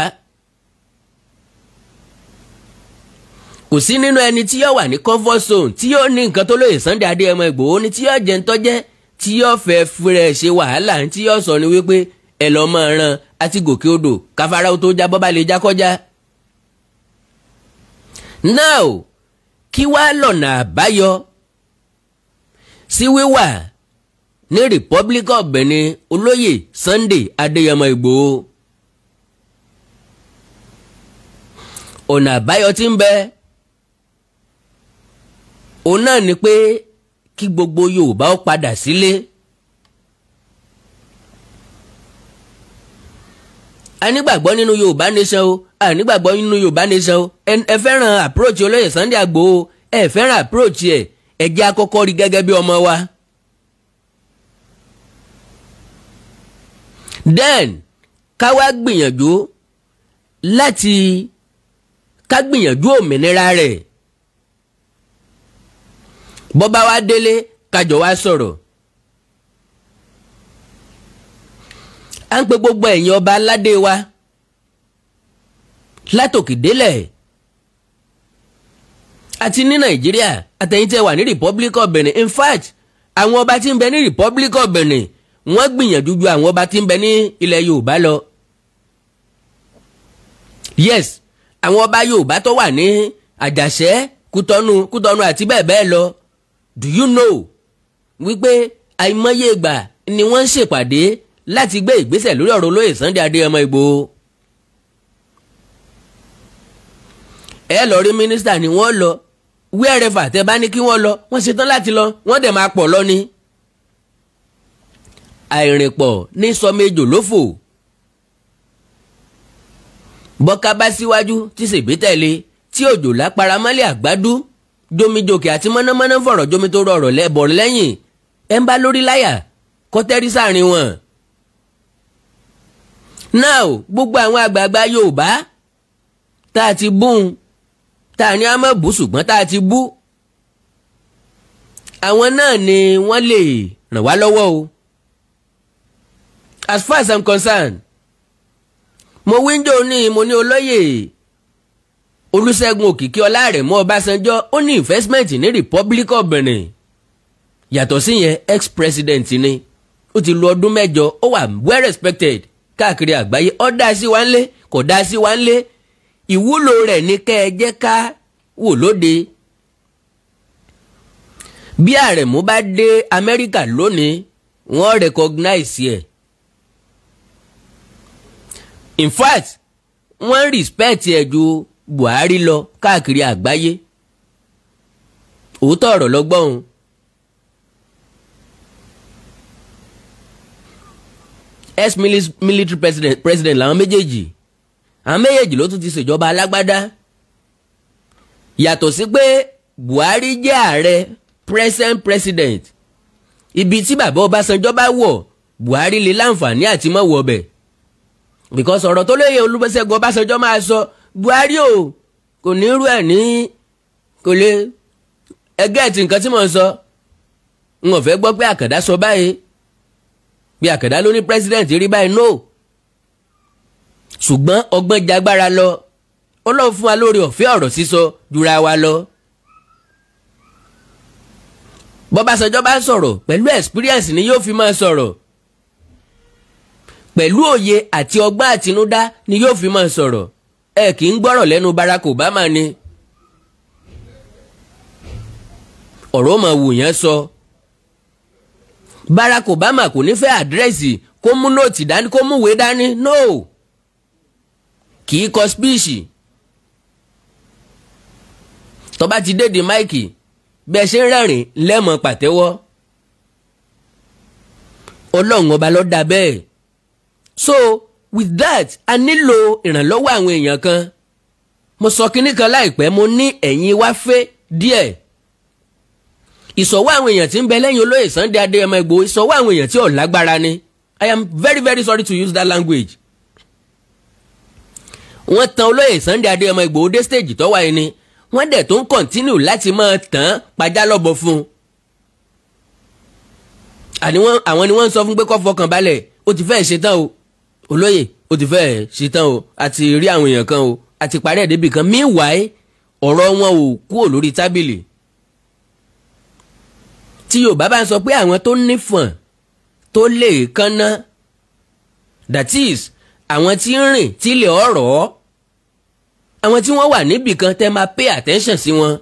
[SPEAKER 2] kò sí nínú ẹni tí yóò wà ní comfort zone tí yóò ní nǹkan tó lóye Sunday Adéyẹmọ Ìgbòho ní tí yóò jẹ ńtọ́jẹ́ tí yóò fẹ́ fúnra ṣe wàhálà tí yóò sọ ni wípé ẹ lọ́ mọ́ ẹran àti gòkè odò káfárá tó já bọ́ bá lè já kọjá. now kí wá lọ́nà àbáyọ sí wíwà ní Republic of Benin olóyè Sunday Adéyẹmọ Ìgbòho ọ̀nà àbáyọ tí ń bẹ́ẹ̀ òun náà ni pé kí gbogbo Yorùbá ó padà sílé. a nínú Yorùbá nation o a nígbàgbọ́ nínú Yorùbá nation o ẹ fẹ́ràn approach olóyè Sunday Igboho ẹ fẹ́ràn approach ẹ ẹ jẹ́ akọ́kọ́ rí gẹ́gẹ́ bí ọmọ wa. then ká wá gbìyànjú láti ká gbìyànjú òmìnira rẹ̀ bó wa wá délé kájọ wá sọ̀rọ̀. à ń pe gbogbo ẹ̀yin ọba aládé wa látòkè délẹ̀ àti ní nàìjíríà àtẹ̀yin tẹ́ wà ní republic of benin in fact àwọn ọba tí ń bẹ ní republic of benin wọ́n gbìyànjú ju àwọn ọba tí ń bẹ ní ilẹ̀ yorùbá lọ yes àwọn ọba yorùbá tó wà ní àjàṣẹ́ kútọ́nù kútọ́nù àti bẹ́ẹ̀ bẹ́ẹ̀ lọ do you know wípé àìmọye ìgbà ni wọ́n ń ṣèpàdé láti gbé ìgbésẹ̀ lórí ọ̀rọ̀ olóyè Sunday adé ọmọ Ìgbòho. ẹ lọ rí mínísítà ni wọ́n lọ wíẹ̀rẹ̀fà tẹ bá ní kí wọ́n lọ wọ́n ṣetán láti lọ wọ́n dẹ̀ máa pọ̀ lọ ni. àìrìnpọ̀ ní sọmejò lófò bọ́ká bá síwájú tí ṣègbè tẹ̀lé tí òjò láparamọ́lẹ̀ àgbádùn jomijokè àti mọ́nàmọ́ná fọ̀rọ̀ jomi tó lẹ́bọ̀ lẹ́yìn ẹ̀ ń bá lórí láyà kọ́tẹ́rí sáàrin wọn. now gbogbo àwọn àgbààgbà Yorùbá tá a ti bún un tá a ní a máa bú ṣùgbọ́n tá a ti bú àwọn náà ni wọ́n lè ràn wá lọ́wọ́ o as far as I'm concerned mo wíńdò ní mo ní olóyè olùṣègùn òkìkí ọlárẹ̀mú ọbásanjọ́ ó ní investment ní republic of benin yàtọ̀ sí yẹn ex-president ni ó ti lo ọdún mẹ́jọ ó wà well respected káàkiri àgbáyé ó dá sí wa ńlé kò dá sí wa ńlé ìwúlò rẹ̀ ní kẹ́ ẹ jẹ́ ká wò lóde bí àrẹ̀mú bá dé amẹ́ríkà lónìí wọ́n recognize ẹ̀ in fact wọ́n respect ẹ̀ ju Buhari lọ káàkiri àgbáyé òótọ́ ọ̀rọ̀ lọ́gbọ́n o ex-military president president làwọn méjèèjì àwọn méjèèjì ló tún ti ṣèjọba alágbádá yàtọ̀ sí pé Buhari jẹ́ ààrẹ present president ibi tí bàbá Ọbásanjọ́ bá wọ̀ Buhari lè láǹfààní àti mọ̀wọ́ ọbẹ̀ because ọ̀rọ̀ tó lóye Olúṣẹ́gun Ọbásanjọ́ máa sọ so, buhari o kò ní irú ẹ̀ ní kò lè ẹgẹ́ ti nǹkan tí mò ń sọ n ò fẹ́ gbọ́ pé àkàndá sọ báyìí pé àkàndá ló ní president rí báyìí no ṣùgbọ́n ọgbọ́n jagbára lọ ọlọ́run fún wa lórí ọ̀fẹ́ ọ̀rọ̀ sísọ jura wa lọ. bọ́básanjọ́ bá ń sọ̀rọ̀ pẹ̀lú experience ni yóò fi máa sọ̀rọ̀ pẹ̀lú òye àti ọgbọ́n àtinúdá ni yóò fi máa sọ̀rọ̀ ẹ kì í gbọ́rọ̀ lẹ́nu Barack Obama ni ọ̀rọ̀ mà wù yẹn sọ Barack Obama kò ní fẹ́ àdírẹ́sì kó mú nóòtì dání kó mú ìwé dání no kì í kọ spíìsì tó bá ti dédé máìkì bí ṣe ń rẹ́rìn lẹ́mọ̀ pàtẹ́wọ́ ọlọ́run ọba ló dá bẹ́ẹ̀ so with that a nílò ìrànlọ́wọ́ àwọn èèyàn kan mo sọ kinní kan láìpẹ́ mo ní ẹ̀yin wá fẹ́ díẹ̀ ìsọ̀wọ́ àwọn èèyàn tí ń bẹ lẹ́yìn olóyè Sunday Adéyẹmọ Ìgbòho ìsọ̀wọ́ àwọn èèyàn tí ò lágbára ni I am very very sorry to use that language wọ́n tan olóyè Sunday Adéyẹmọ Ìgbòho dé stage tó wáyé ni wọ́n dẹ̀ tó ń kọ̀ntínú láti máa tàn án pàjá lọ́bọ̀ fún un. àwọn ni wọ́n ń sọ fún pé kó fọkàn balẹ̀ ó ti fẹ́ ṣe tán o olóyè ó ti fẹ́ẹ̀ ṣetán o àti rí àwọn èèyàn kan o àti parí ẹ̀ débi kan meanwhile ọ̀rọ̀ wọn ò kúrò lórí tábìlì tí Yorùbá bá ń sọ pé àwọn tó nífọ̀n tó lè kánná that is àwọn tí ń rìn tí lè ọ̀rọ̀ àwọn tí wọ́n wà níbì kan tẹ́ máa pay attention sí wọn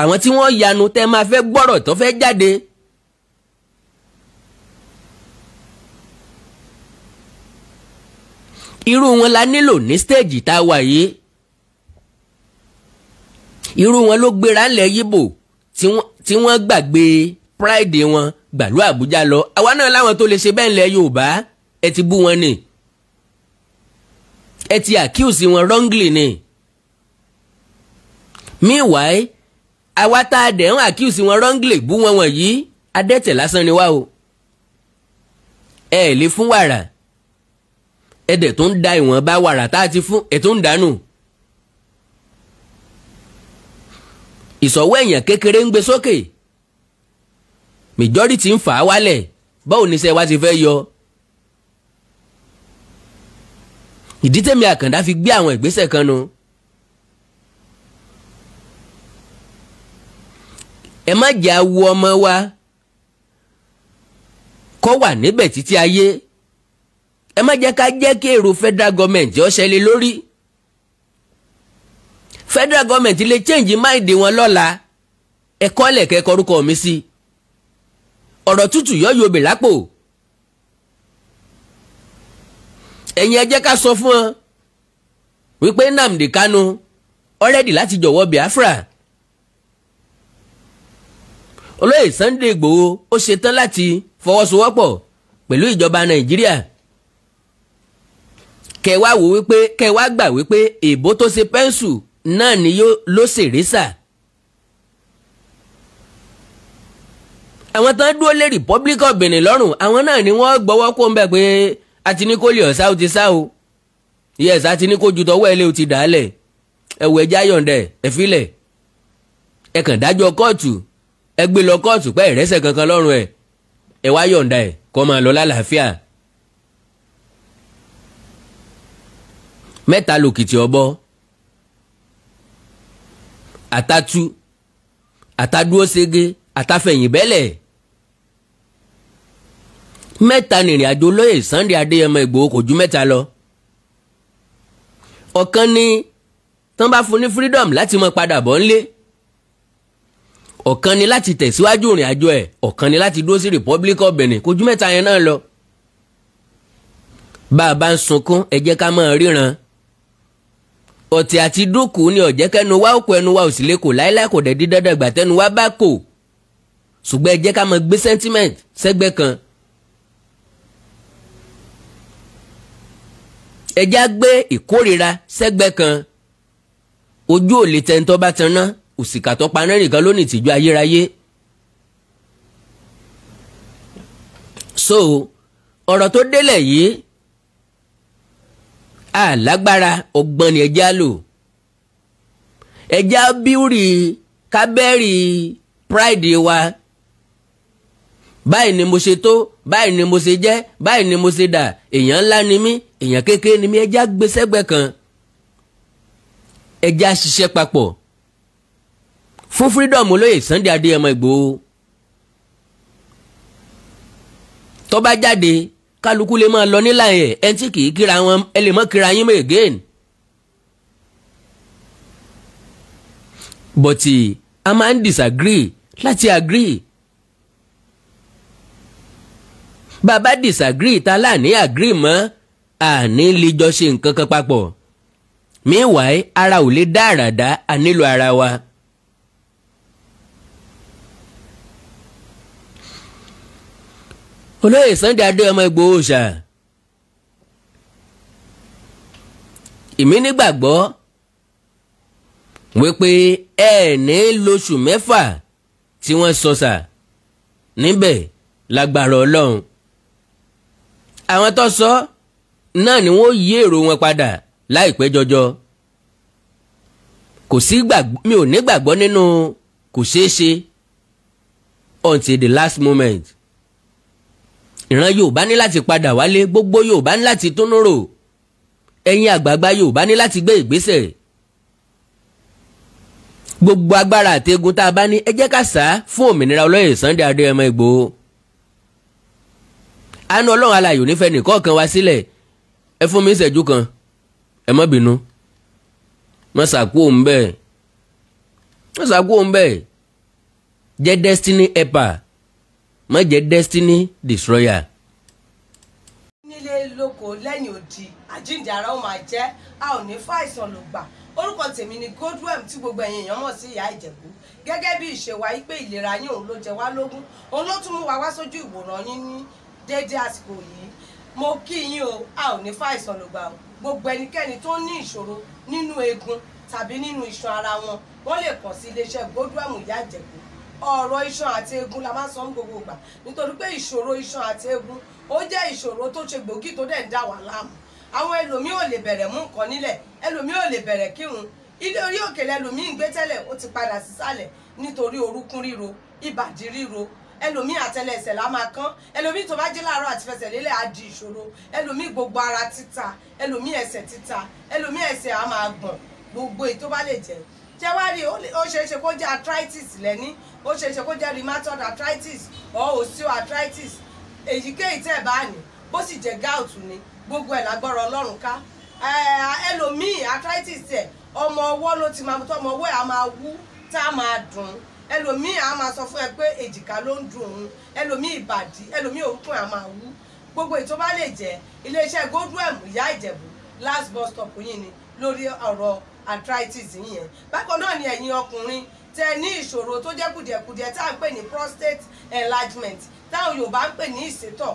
[SPEAKER 2] àwọn tí wọ́n yanu tẹ́ máa fẹ́ gbọ́rọ̀ tó fẹ́ jáde. irú wọn la nílò ní stéèjì tá a wà yìí irú wọn ló gbéra ńlẹ̀ yíbò tí wọ́n gbàgbé pride wọn gbàlú àbújá lọ àwa náà láwọn tó lè ṣe bẹ́ẹ̀ ńlẹ̀ yorùbá ẹ ti bú wọn ni ẹ ti accuse wọn wrongly ni meanwhile àwa tá a dẹ̀ ń accuse wọn wrongly bú wọn wọ̀nyí adẹ́tẹ̀ lásán ni wá o ẹ lè fún wàrà ẹ̀dẹ̀ tó ń da ìwọ̀n bá wàrà tá a ti fún ẹ̀ tó ń dànù. ìsọ̀wọ́ èèyàn kékeré ń gbé sókè majority ń fà á wálẹ̀ báwo ni iṣẹ́ wa ti fẹ́ yọ. ìdí tèmi àkàndá fi gbé àwọn ìgbésẹ̀ kan nu. ẹ má jẹ́ awo ọmọ wa kọ́ wà níbẹ̀ títí ayé ẹ má jẹ́ ká jẹ́ kí èrò federal government ó ṣẹlẹ̀ lórí federal government lè change mind wọn lọ́la ẹ kọ́lẹ̀ kẹ́ kọrúkọ mi sí ọ̀rọ̀ tútù yọ yobè lápò ẹ̀yin ẹ jẹ́ ká sọ fún ọ wípé Nnamdi Kanu ọ̀rẹ́dì láti jọ̀wọ́ Biafra olóyè Sunday Igboho ó ṣetán láti fọwọ́sowọ́pọ̀ pẹ̀lú ìjọba Nàìjíríà kẹ wá wò wípé kẹ wá gbà wípé èbó tó ṣe pẹ́ńsù náà ni yóò ló ṣèrésà. àwọn tán dúró lé Republic of Benin lọ́rùn àwọn náà ni wọ́n gbọ́wọ́ kó ń bẹ̀ pé àti lè ọ̀sá ó ti sá o yes àti ní kó ju tọwọ́ ẹ lé o ti dà á lẹ̀ ẹ̀wù ẹja yọ̀ǹdẹ̀ ẹ̀ filẹ̀ ẹ kàn dájọ́ kóòtù ẹ gbé lọ kóòtù pé ìrẹsẹ̀ kankan lọ́rùn ẹ̀ ẹ wá yọ̀ǹda ẹ̀ máa lọ lálàáfíà. La mẹ́ta lòkìtì ọ̀bọ àtàtú àtàdúróṣege àtàfẹ̀yìnbẹ́lẹ̀ mẹ́ta nìrìn àjò lóye Sunday Adéyẹmọ Ìgbòho kò ju mẹ́ta lọ ọ̀kan ni tán bá fún ní freedom láti mọ padà bọ̀ ńlé ọ̀kan ni láti tẹ̀síwájú ìrìn àjò ẹ̀ ọ̀kan ni láti dúró sí Republic of Benin kò ju mẹ́ta yẹn náà lọ bá a bá ń sunkún ẹ jẹ́ ká máa ríran ọ̀tí àti dúkù ni ọ̀jẹ́kẹ́nu wa ó kó ẹnu wa ò sì lè kó láéláé kò dẹ̀ di dandan wa bá kò ṣùgbọ́n ẹ ká máa gbé sentiment sẹ́gbẹ́ kan. ẹ já gbé ìkórira sẹ́gbẹ́ kan ojú ò lè tẹ́ntọ́ bá tan ná paná nìkan lónìí tìjú ayérayé. so ọ̀rọ̀ tó délẹ̀ yìí alágbára ọgbọ́n ni ẹja lò ẹja bíúrì kábẹ́rì pride wa báyìí ni mo ṣe tó báyìí ni mo ṣe jẹ́ báyìí ni mo ṣe dà èèyàn ńlá ni mí èèyàn kékeré ni mí ẹja gbé sẹ́gbẹ̀ẹ́ kan ẹja ṣiṣẹ́ papọ̀ fún freedom olóyè Sunday Adéyẹmọ Ìgbòho tó jáde kálukú lè máa lọ nílà yẹn ẹni tí kì í kíra wọn ẹ lè mọ́ kíra yín mọ́ again. bọ̀tì eh, a máa ń disagree láti agree. bàbá disagree ta láàní agree mọ́ àní lè jọ ṣe nǹkan kan papọ̀. meanwhile ara ò lè dá àràdá a ara wa. olóyè Sunday Adéyẹmọ Ìgbòho ṣá èmi nígbàgbọ́ wípé ẹ ní lóṣù mẹ́fà tí wọ́n sọ̀sà níbẹ̀ lágbára ọlọ́run àwọn tó sọ náà ni wọ́n yí èrò wọn padà láìpẹ́ jọjọ kò sí gbàgbọ́ mi ò nígbàgbọ́ nínú kò ṣeé ṣe until the last moment ìran yorùbá ní láti padà wálé gbogbo yorùbá ní láti túnú rò ẹ̀yin àgbààgbà yorùbá ní láti gbé ìgbésẹ̀ gbogbo agbára àtẹ̀gùn tá a bá ní ẹ jẹ́ ká sá fún òmìnira olóyè Sunday Adéyẹmọ Ìgbòho àánú ọlọ́run alayò nífẹ̀ẹ́ nìkọ̀ọ̀kan wá sílẹ̀ ẹ fún mi ìṣẹ́jú kan ẹ má bínú má sàkó òun bẹ́ẹ̀ má sàkó òun bẹ́ẹ̀ jẹ́ destiny helper má jẹ́ destiny destroyer.
[SPEAKER 3] nílé lóko lẹ́yìn odi àjíǹde ó máa jẹ́ a ò ní fàìsàn ló gbà orúkọ tèmi ni Godwem tí gbogbo ẹ̀yin èèyàn mọ̀ sí ìyá ìjẹ̀bú gẹ́gẹ́ bí ìṣe wa pé ìlera yín òun ló jẹ wá lógún òun ló tún mú wa wá sójú ìwòran yín ní déédéé àsìkò yìí mo kí yín o a ò ní fàìsàn ló gbà o gbogbo ẹnikẹ́ni tó ní ìṣòro nínú eegun tàbí nínú iṣan ara wọn wọ́n lè kàn sí iléeṣẹ́ Godwem ìyá ìjẹ̀bú ọ̀rọ̀ iṣan àti egun la máa ń sọ ní gbogbo ìgbà nítorí pé ìṣòro iṣan àti egun ó jẹ́ ìṣòro tó ṣe gbòógì tó dẹ̀ ń dà wá láàmú àwọn ẹlòmíì ò lè bẹ̀rẹ̀ mú nǹkan nílẹ̀ ẹlòmíì ò lè bẹ̀rẹ̀ kírun ilé orí òkè lẹlòmíì ń gbé tẹ́lẹ̀ ó ti padà sísàlẹ̀ nítorí orúkún ríro ìbàdí ríro ẹlòmíì àtẹlẹsẹ̀ la máa kán ẹlòmíì tó bá jí láàárọ̀ àti fẹsẹ̀ lélẹ̀ á di ìṣòro ẹlòmíì gbogbo ara títa ẹlòmíì ẹsẹ̀ títa ẹlòmíì ẹsẹ̀ á máa gbọ̀n gbogbo èyí bá lè jẹ́ jẹ́wárí ó ṣeé ṣe kó jẹ́ arthritis lẹ́ní ó ṣeé ṣe kó jẹ́ rheumatoid arthritis or osteoarthritis èyíkéyìí tẹ̀ bá ní bó sì jẹ́ gout ni gbogbo ẹ̀ lágbára ọlọ́run ká ẹlòmíì arthritis tẹ̀ ọmọ ọwọ́ ló ti máa tọ́ ọmọ ọwọ́ ẹ̀ á máa wú tá a máa dùn ẹlòmíì á máa sọ fún ẹ pé èjìká ló ń dùn òun ẹlòmíì ìbàdí ẹlòmíì orúkún ẹ̀ á máa wú gbogbo ètò bá lè jẹ́ iléeṣẹ́ Godwem ìyá Ìjẹ̀bú last bus stop yìí ni lórí ọ̀rọ̀ arthritis yìnyẹn bákan náà ni ẹ̀yin ọkùnrin tẹ ní ìṣòro tó jẹ́ kùdìẹ̀kùdìẹ̀ tá à ń pè ní prostate enlargement táwọn Yorùbá ń pè ní ìsétọ̀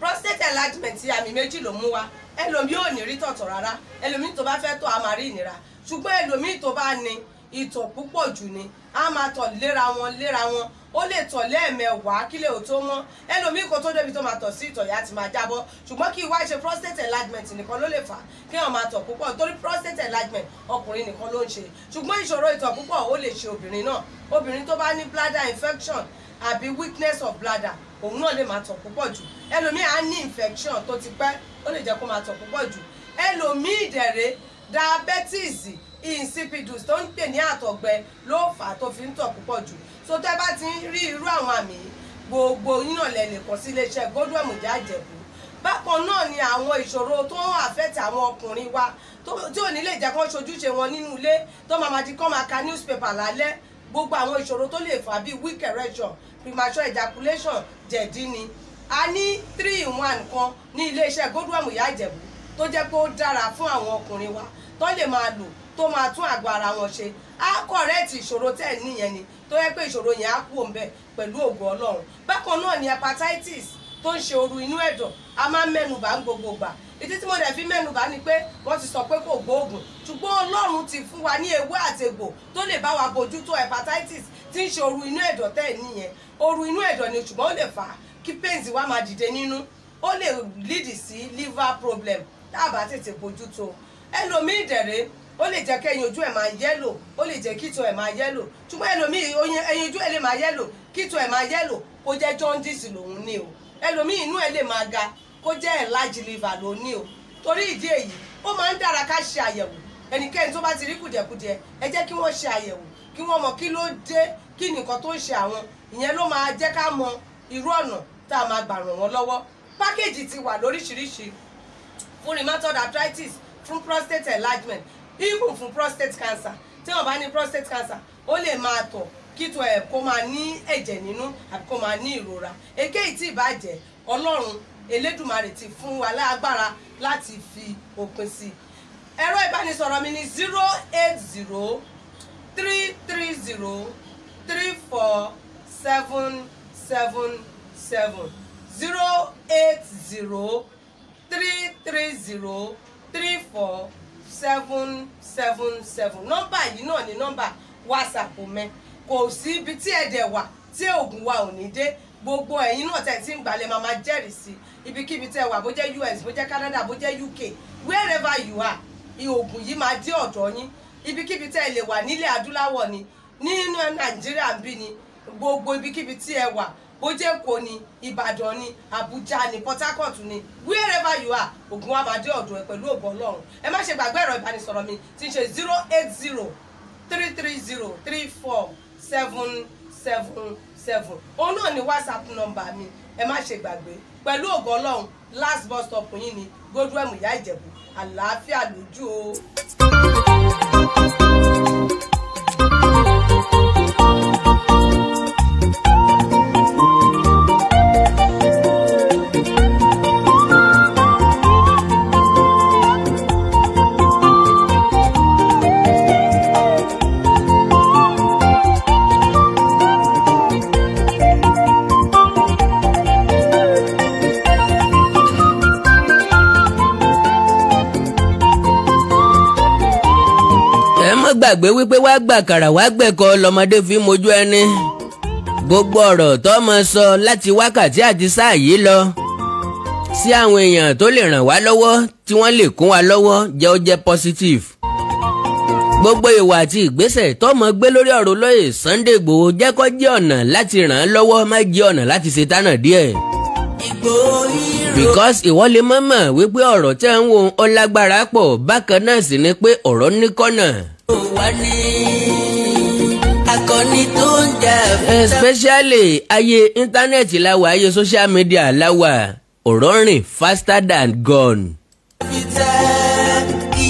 [SPEAKER 3] prostate enlargement àmì méjì ló mú wa ẹlòmíì ò ní rí tọ̀tọ̀ rárá ẹlòmíì tó bá fẹ́ tọ̀ á máa rí ìnira ṣùgbọ́n ẹlòmíì tó bá ní ìtọ̀ púpọ̀ jù ni á máa tọ̀ léra wọn léra wọn ó lè tọ̀ lẹ́ẹ̀mẹwàá kílẹ̀ ò tó mọ́ ẹlòmíì kò tó débi tó máa tọ̀ sí ìtọ̀yà ti máa jábọ́ ṣùgbọ́n kí ìwá ṣe prostate enlargement nìkan ló lè fà kí wọ́n máa tọ̀ púpọ̀ torí prostate enlargement ọkùnrin nìkan ló ń ṣe ṣùgbọ́n ìṣòro ìtọ̀ púpọ̀ ó lè ṣe obìnrin náà obìnrin tó bá ní bladder infection àbí weakness of bladder òun náà lè máa tọ̀ púpọ̀ jù ẹlòmíì á ní infection tó ti pẹ́ ó lè jẹ́ kó máa tọ̀ púpọ̀ jù ẹlòmíì ìdẹ̀rẹ̀ diabetes insipidus tó ń pè ní àtọ̀gbẹ ló fà á tó fi ń tọ̀ púpọ̀ jù so tẹ́ bá ti rí irú àwọn àmì gbogbo yíyan lẹ́lẹ̀ kan sí iléeṣẹ́ Godwin Mujah Àjẹ̀bú bákan náà ni àwọn ìṣòro tó ń àfẹ́tì àwọn ọkùnrin wa tí ò ní lè jẹ́ kán ṣojúṣe wọn nínú ilé tó máa ma di kán máa ka newspaper lálẹ́ gbogbo àwọn ìṣòro tó lè fà bíi weak erection premature ejaculation jẹ̀dí ni a ní three in one kan ní iléeṣẹ́ Godwin Mujah Àjẹ̀bú tó jẹ́ pé ó dára fún àwọn ọkùnrin wa tó lè máa lò tó máa tún àgọ́ ara wọn ṣe á kọ̀rẹ́ẹ̀tì ìṣòro tẹ̀ níyẹn ni tó yẹ pé ìṣòro yẹn á kú òǹbẹ pẹ̀lú ògo Ọlọ́run bákan náà ni hepatitis tó ń ṣe ooru inú ẹ̀dọ̀ a máa ń mẹ́nubà ń gbogbo gbà ìdí tí mo dẹ̀ fi mẹ́nubà ni pé wọ́n ti sọ pé kò gbóògùn ṣùgbọ́n Ọlọ́run ti fún wa ní ewé àtegbò tó lè bá wa bójútó hepatitis tí ń ṣe ooru inú ẹ̀dọ̀ tẹ̀ níyẹn ooru inú ẹ̀dọ̀ ni ṣùgbọ́n ó lè fà á kí pains wa máa dìde nínú ó lè lead sí liver problem tá a bá tètè bójútó ẹlòmíì dẹ̀rẹ́ ó lè jẹ́ kí ẹyin ojú ẹ̀ máa yẹ́lò ó lè jẹ́ kí ìtọ̀ ẹ̀ máa yẹ́lò ṣùgbọ́n ẹlòmíì ẹyin ojú ẹ̀ lè máa yẹ́lò kí ìtọ̀ ẹ̀ máa yẹ́lò kó jẹ́ jaundice lòun ní o ẹlòmíì inú ẹ̀ lè máa ga kó jẹ́ enlarged liver lòun ní o torí ìdí èyí ó máa ń dára ká ṣe àyẹ̀wò ẹnikẹ́ni tó bá ti rí kùdìẹ̀kudiẹ ẹ jẹ́ kí wọ́n ṣe àyẹ̀wò kí wọ́n mọ kí ló dé kí nìkan tó ń ṣe àwọn ìyẹn ló máa jẹ́ ká mọ irú ọ̀nà tá a máa gbà ràn wọ́n lọ́wọ́ pákéjì ti wà lóríṣiríṣi fún rheumatoid arthritis fún prostate enlargement even fún prostate cancer tí wọn bá ní prostate cancer ó lè máa tọ̀ kító ẹ̀ kó máa ní ẹ̀jẹ̀ nínú àbí kó máa ní ìrora èkéyìí tí ìbàjẹ́ ọlọ́run elédùmarè ti fún wa lágbára láti fi òpin sí i ẹ̀rọ ìbánisọ̀rọ̀ mi ní zero eight zero three three zero three four seven seven seven zero eight zero three three zero three four seven seven seven nọ́mbà yìí náà ni nọ́mbà whatsapp mẹ́ kò sí ibi tí ẹ̀dẹ̀ wà tí oògùn wa ò ní dé gbogbo ẹ̀yin náà tẹ̀ tí ń gbalẹ̀ máa máa jẹ́rìí sí ibikíbi tẹ́ wà bó jẹ́ US bó jẹ́ Canada bó jẹ́ UK wherever you are oògùn yìí máa dé ọ̀dọ̀ yín ibikíbi tẹ́ lè wà nílẹ̀ adúláwọ̀ ni nínú nàìjíríà ń bí ni gbogbo ibikíbi tí ẹ wà bójẹ́kọ ni ìbàdàn ni àbújá ni port harcourt ni wherever you are ògùn wa máa dé ọ̀dọ̀ ẹ pẹ̀lú ògbọ́n ọlọ́run ẹ má ṣe gbàgbé ẹ̀rọ ìbánisọ̀rọ̀ mi tí ṣe zero eight zero three three zero three four seven seven seven òun náà ni whatsapp number mi ẹ má ṣe gbàgbé pẹ̀lú ògbọ́n ọlọ́run last bus stop yín ni godwem ìyá ìjẹ̀bú àlàáfíà lójú o.
[SPEAKER 2] gbàgbé wípé wá gbàkàrà wá gbẹ̀kọ lọmọdé fi mojú ẹni gbogbo ọ̀rọ̀ tọ́mọ sọ láti wákàtí àti sáà yìí lọ sí àwọn èèyàn tó lè ràn wá lọ́wọ́ tí wọ́n lè kún wa lọ́wọ́ jẹ́ ó jẹ́ positive gbogbo ìwà àti ìgbésẹ̀ tọ́mọ gbé lórí ọ̀rọ̀ lóye Sunday Igboho jẹ́ kó jẹ́ ọ̀nà láti ràn án lọ́wọ́ má jẹ́ ọ̀nà láti ṣe tánà díẹ̀. because ìwọ lè mọ̀ mọ̀ wípé ọ̀rọ̀ tẹ́ ń wo ó lágbára pọ̀ bákan náà sì ni pé ọ̀rọ̀ ní kọ́nà especially ayé íńtánẹ́ẹ̀tì la wà ayé social media la wà ọ̀rọ̀ rìn faster than gone.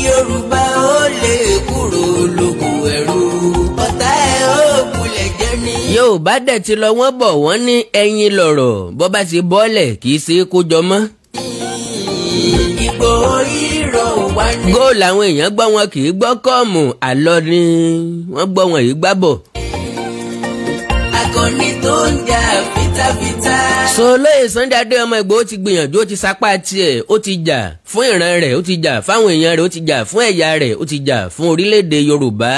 [SPEAKER 1] Yorùbá ó lè kúrò lóko ẹ̀rù
[SPEAKER 2] ọ̀tá ẹ̀ ó kulẹ̀ jẹ́ ní. dẹ̀ ti lọ wọ́n bọ̀ wọ́n ní ẹyin lọ̀rọ̀ bọ́ bá ti bọ́lẹ̀ kì í ṣe é kó jọ
[SPEAKER 1] Ìgbòho yìí
[SPEAKER 2] góòlù àwọn èèyàn gbọ́ wọn kì í gbọ́ kọ́ọ̀mù àlọ́ ni wọ́n gbọ́ wọn yìí gbábọ̀.
[SPEAKER 1] akọni tó ń jà fitafita.
[SPEAKER 2] Sọlóyè Sunday Adé ọmọ Ìgbòho ti gbìyànjú ó ti sapá tiẹ̀ ó ti jà fún ìran rẹ̀ ó ti jà fáwọn èèyàn rẹ̀ ó ti jà fún ẹ̀yà rẹ̀ ó ti jà fún orílẹ̀-èdè Yorùbá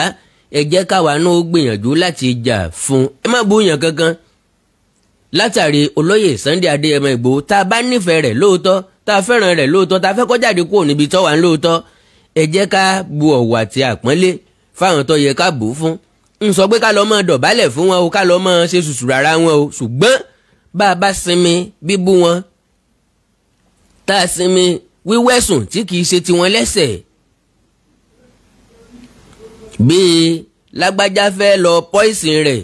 [SPEAKER 2] ẹ jẹ́ káwa náà ó gbìyànjú láti jà fún ẹ má bú yàn kankan látàrí olóyè Sunday Adé ọmọ Ìgbòho tá a bá nífẹ̀ẹ́ rẹ̀ lóòótọ́ tá a fẹ́ràn rẹ̀ lóòótọ́ tá a fẹ́ kó jáde kúrò níbi tó wà ń lóòótọ́ ẹ jẹ́ ká bu ọ̀wọ̀ àti àpọ́nlé fáwọn tó yẹ ká bù ú fún n sọ pé ká lọ́ mọ́ dọ̀bálẹ̀ fún wọn o ká lọ́ mọ́ ṣe sùsù rárá wọn o ṣùgbọ́n bá a bá sinmi bíbú wọn tá a sinmi wíwẹ̀sùn tí kì í ṣe tiwọn lẹ́sẹ̀ bíi lágbájá fẹ́ lọ pọ́ìsìn rẹ̀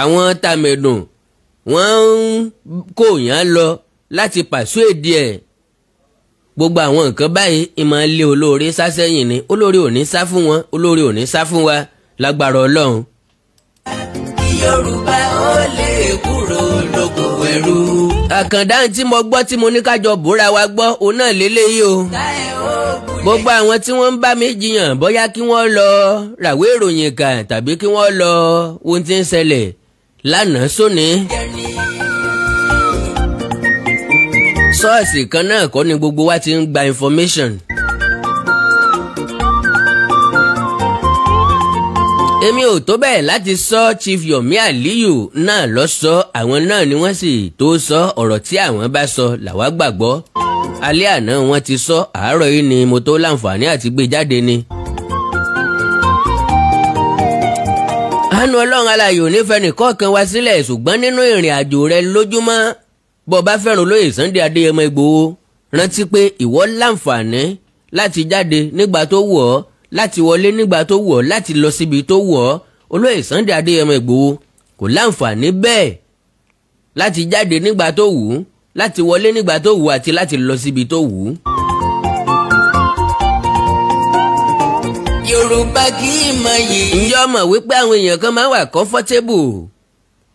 [SPEAKER 2] àwọn tàmẹ̀dùn wọ́n ń kó yàn lọ láti pàṣẹ èdè ẹ̀ gbogbo àwọn nǹkan báyìí ìmọ̀ lé olóore sásẹ́yìn ni olóore ò ní sá fún wọn olóore ò ní sá fún wa lágbára ọlọ́run.
[SPEAKER 1] yorùbá ó lè kúrò
[SPEAKER 2] lóko ẹrú. àkàndá tí mo gbọ́ tí mo ní kájọ búra wa gbọ́ òun náà lélẹ́yìí o. gbogbo àwọn tí wọ́n ń bá mi jiyàn bóyá kí wọ́n lọ ràwé ìròyìn kà tàbí kí wọ́n lọ ohun tí ń ṣẹlẹ̀ lánàá sóni sọ́ọ̀sì kan náà kọ́ ni gbogbo wa ti ń gba information. èmi ò tó bẹ́ẹ̀ láti sọ Chief Yomi Aliyu náà lọ sọ àwọn náà ni wọ́n sì tó sọ ọ̀rọ̀ tí àwọn bá sọ làwa gbàgbọ́ alẹ́ àná wọ́n ti sọ àárọ̀ yìí ni mo tó láǹfààní àti gbé jáde ni. àánú ọlọ́run alayò nífẹ̀ẹ́ nìkọ́ọ̀kan wá sílẹ̀ ṣùgbọ́n nínú ìrìn àjò rẹ lójúmọ́ bó bá fẹ́ràn olóyè Sunday Adéyẹmọ Ìgbòho rántí pé ìwọ láǹfààní láti jáde nígbà tó wù ọ́ láti wọlé nígbà tó wù ọ́ láti lọ síbi tó wù ọ́ olóyè Sunday Adéyẹmọ Ìgbòho kò láǹfààní bẹ́ẹ̀ láti jáde nígbà tó wù ú láti wọlé nígbà tó wù ú àti láti lọ síbi tó wù Yorùbá kì í mọ ǹjọ́ mọ̀ wípé àwọn èèyàn kan máa wà comfortable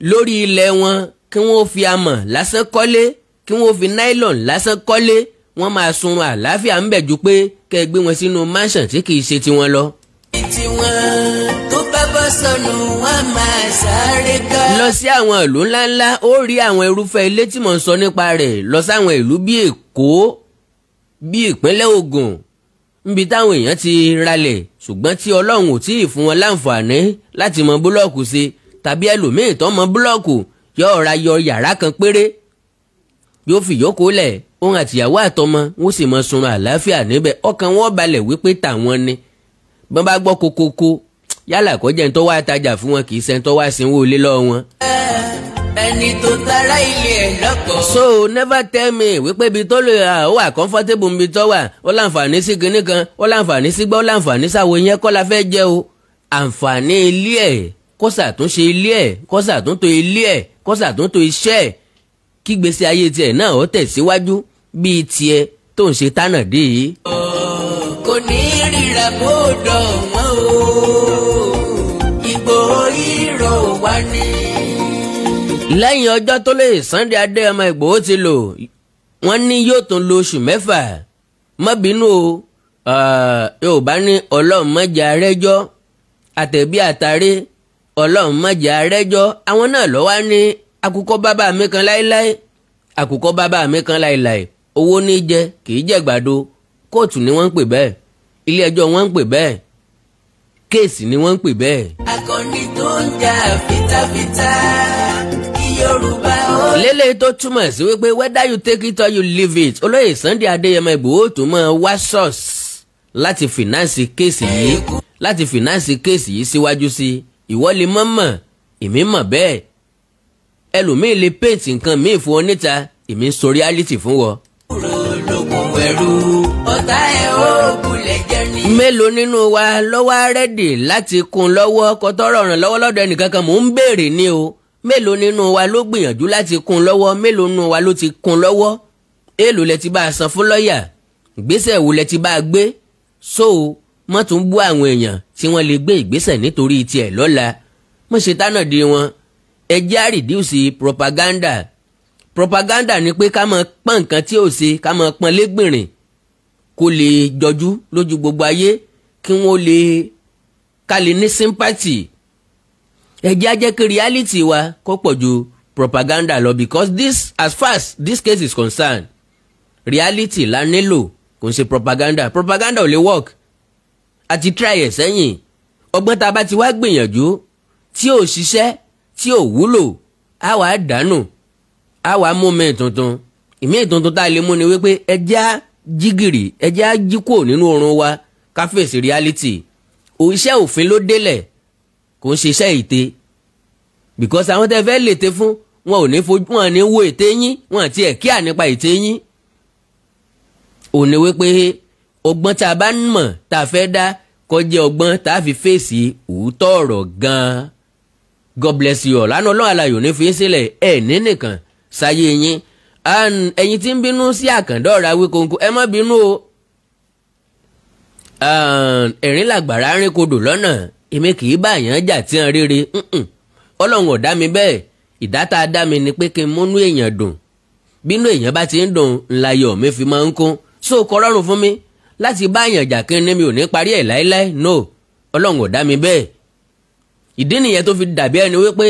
[SPEAKER 2] lórí ilẹ̀ wọn kí wọ́n fi amọ̀ lásán kọ́lé kí wọ́n fi nylon lásán kọ́lé wọ́n máa sunrun àlàáfíà ń bẹ̀ ju pé kẹ́ ẹ gbé wọn sínú mansion tí kì í ṣe tiwọn lọ. lọ sí àwọn ìlú ńláńlá ó rí àwọn irúfẹ́ ilé tí mò ń sọ nípa rẹ̀ lọ sáwọn ìlú bíi Èkó bíi ìpínlẹ̀ Ògùn níbi táwọn èèyàn ti ralẹ̀ ṣùgbọ́n tí Ọlọ́run ò tíì fún wọn láǹfààní láti mọ búlọ́ọ̀kù ṣe tàbí ẹlòmíì tó mọ búlọ́ọ̀kù yóò ra yọ yàrá kan péré yóò fi yòókù lẹ̀ òun àtìyàwó àtọmọ wọn sì mọ sunrun àlàáfíà níbẹ̀ ọkàn wọn balẹ̀ wípé tàwọn ni bọ́n bá gbọ́ kokoko yálà kọjá ń tọ́ wá tajà fún wọn kì í sẹ́ńtọ́ wá sínwó ilé lọ́wọ́ wọn.
[SPEAKER 1] ẹni tó tara ilé ẹ̀ lọ́kọ̀.
[SPEAKER 2] so never tell me wípé ibi tó lè ra ó wà comfortable níbi tó wà ó láǹfààní sí kinní kan ó láǹfààní sígbà ó láǹfààní sáwo yẹn kọ́ la fẹ́ jẹ́ o àǹfààní ilé ẹ̀ kó ṣàtúnṣe ilé ẹ̀ kó ṣàtúntò ilé ẹ̀ kó ṣàtúntò iṣẹ́ ẹ̀ kí gbèsè ayé tiẹ̀ náà ó tẹ̀síwájú bíi tiẹ̀ tó ń ṣe tánà dé yìí.
[SPEAKER 1] kò ní ríra bó dọ̀ o Ìgbòho hero wa ni.
[SPEAKER 2] lẹ́yìn ọjọ́ tó lè Sunday Adé ọmọ Ìgbòho ti lò wọ́n ní yóò tún lo oṣù mẹ́fà má bínú o Yorùbá ní ọlọ́run mọ́jà rẹ́jọ́ àtẹ̀bí àtàrí ọlọ́run mọ̀jà rẹ́jọ́ àwọn náà lọ́ wá ní àkùkọ bàbá mi kan láéláé àkùkọ bàbá mi kan láéláé owó ní jẹ kìí jẹ gbàdo kóòtù ni wọ́n ń pè bẹ́ẹ̀ ilé ẹjọ́ wọ́n ń pè bẹ́ẹ̀ kéèsì ni wọ́n ń pè bẹ́ẹ̀.
[SPEAKER 1] akọni tó ń jà fitafita kí yorùbá ó.
[SPEAKER 2] lélẹ̀ tó túmọ̀ sí wípé whether you take it or you leave it olóyè Sunday Adéyẹmọ Ìgbòho tó mọ̀ wá ṣọ́ọ̀ṣì láti fìnáǹsì kéèsì yìí láti fìnáǹsì kéèsì yìí síwájú sí i ìwọ lè mọ́ mọ̀ èmi mọ̀ bẹ́ẹ̀ ẹlòmíì lè péǹtì nǹkan míì fún ọ níta èmi ń sọ reality fún wọ. mélòó nínú wa lọ́wọ́ rẹ́dì láti kún lọ́wọ́ kọ́tọ́rọ̀ ràn lọ́wọ́ lọ́dọ̀ ẹnìkankan mò ń béèrè ni o mélòó nínú wa ló gbìyànjú láti kún lọ́wọ́ mélòó nínú wa ló ti kún lọ́wọ́ èèlò lẹ ti bá a san fún lọ́ọ̀yà ìgbésẹ̀ wo lẹ ti bá a gbé so má tún bú àwọn èèyàn tí wọ́n lè gbé ìgbésẹ̀ nítorí tiẹ̀ lọ́la má ṣe tánà di wọn ẹ jẹ́ àrídíùsì propaganda propaganda ni pé ká máa pọ́n nǹkan tí ò ṣe ká máa pọ́n légbìnrin kó lè jọjú lójú gbogbo ayé kí wọ́n lè ká lè ní sympathy ẹ jẹ́ ajẹ́ kí reality wa kó pọ̀ ju propaganda lọ because this as far as this case is concerned reality la nílò kò ń ṣe propaganda propaganda ò lè work àti tíráyè sẹ́yìn ọgbọ́n tá a bá ti wá gbìyànjú tí ò ṣiṣẹ́ tí ò wúlò á wàá dànù á wàá mú mi tuntun ìmí tuntun tá a lè mú ni wípé ẹjẹ́ á jígìrì ẹjẹ́ jí kúrò nínú oorun wa ká fèsì reality iṣẹ́ òfin ló délẹ̀ kò ń ṣiṣẹ́ ète because àwọn tẹ́ fẹ́ lète fún wọn ò ní fojú wọn ní wo ète yín wọn àti ẹ̀ kíà nípa ète yín òní wípé ọgbọ́n tá a bá mọ̀ tá a fẹ́ dá kọjá ọgbọ́n tá a fi fèsì òótọ́ ọ̀rọ̀ gan-an god bless you all lánàá ọlọ́run alayò ní fi ń sílẹ̀ ẹ̀ ní nìkan sáyé yín ẹ̀yin tí ń bínú sí àkàndá ọ̀rọ̀ Awíkonko ẹ má bínú o ẹ̀rín làgbàrá rìn kodò lọ́nà èmi kì í bá èèyàn jà tí ń rere ọlọ́run ọ̀dá mi bẹ́ẹ̀ ìdá dá mi ni pé kí n múnú èèyàn dùn bínú èèyàn bá ti ń dùn ńlá yọ̀ mi fi máa ń kún so kọ́ rọrùn fún mi láti bá àyàn jà kí ni mi ò ní parí ẹ̀ láéláé no ọlọ́run ò dá mi bẹ́ẹ̀ ìdí nìyẹn tó fi dàbí ẹni wípé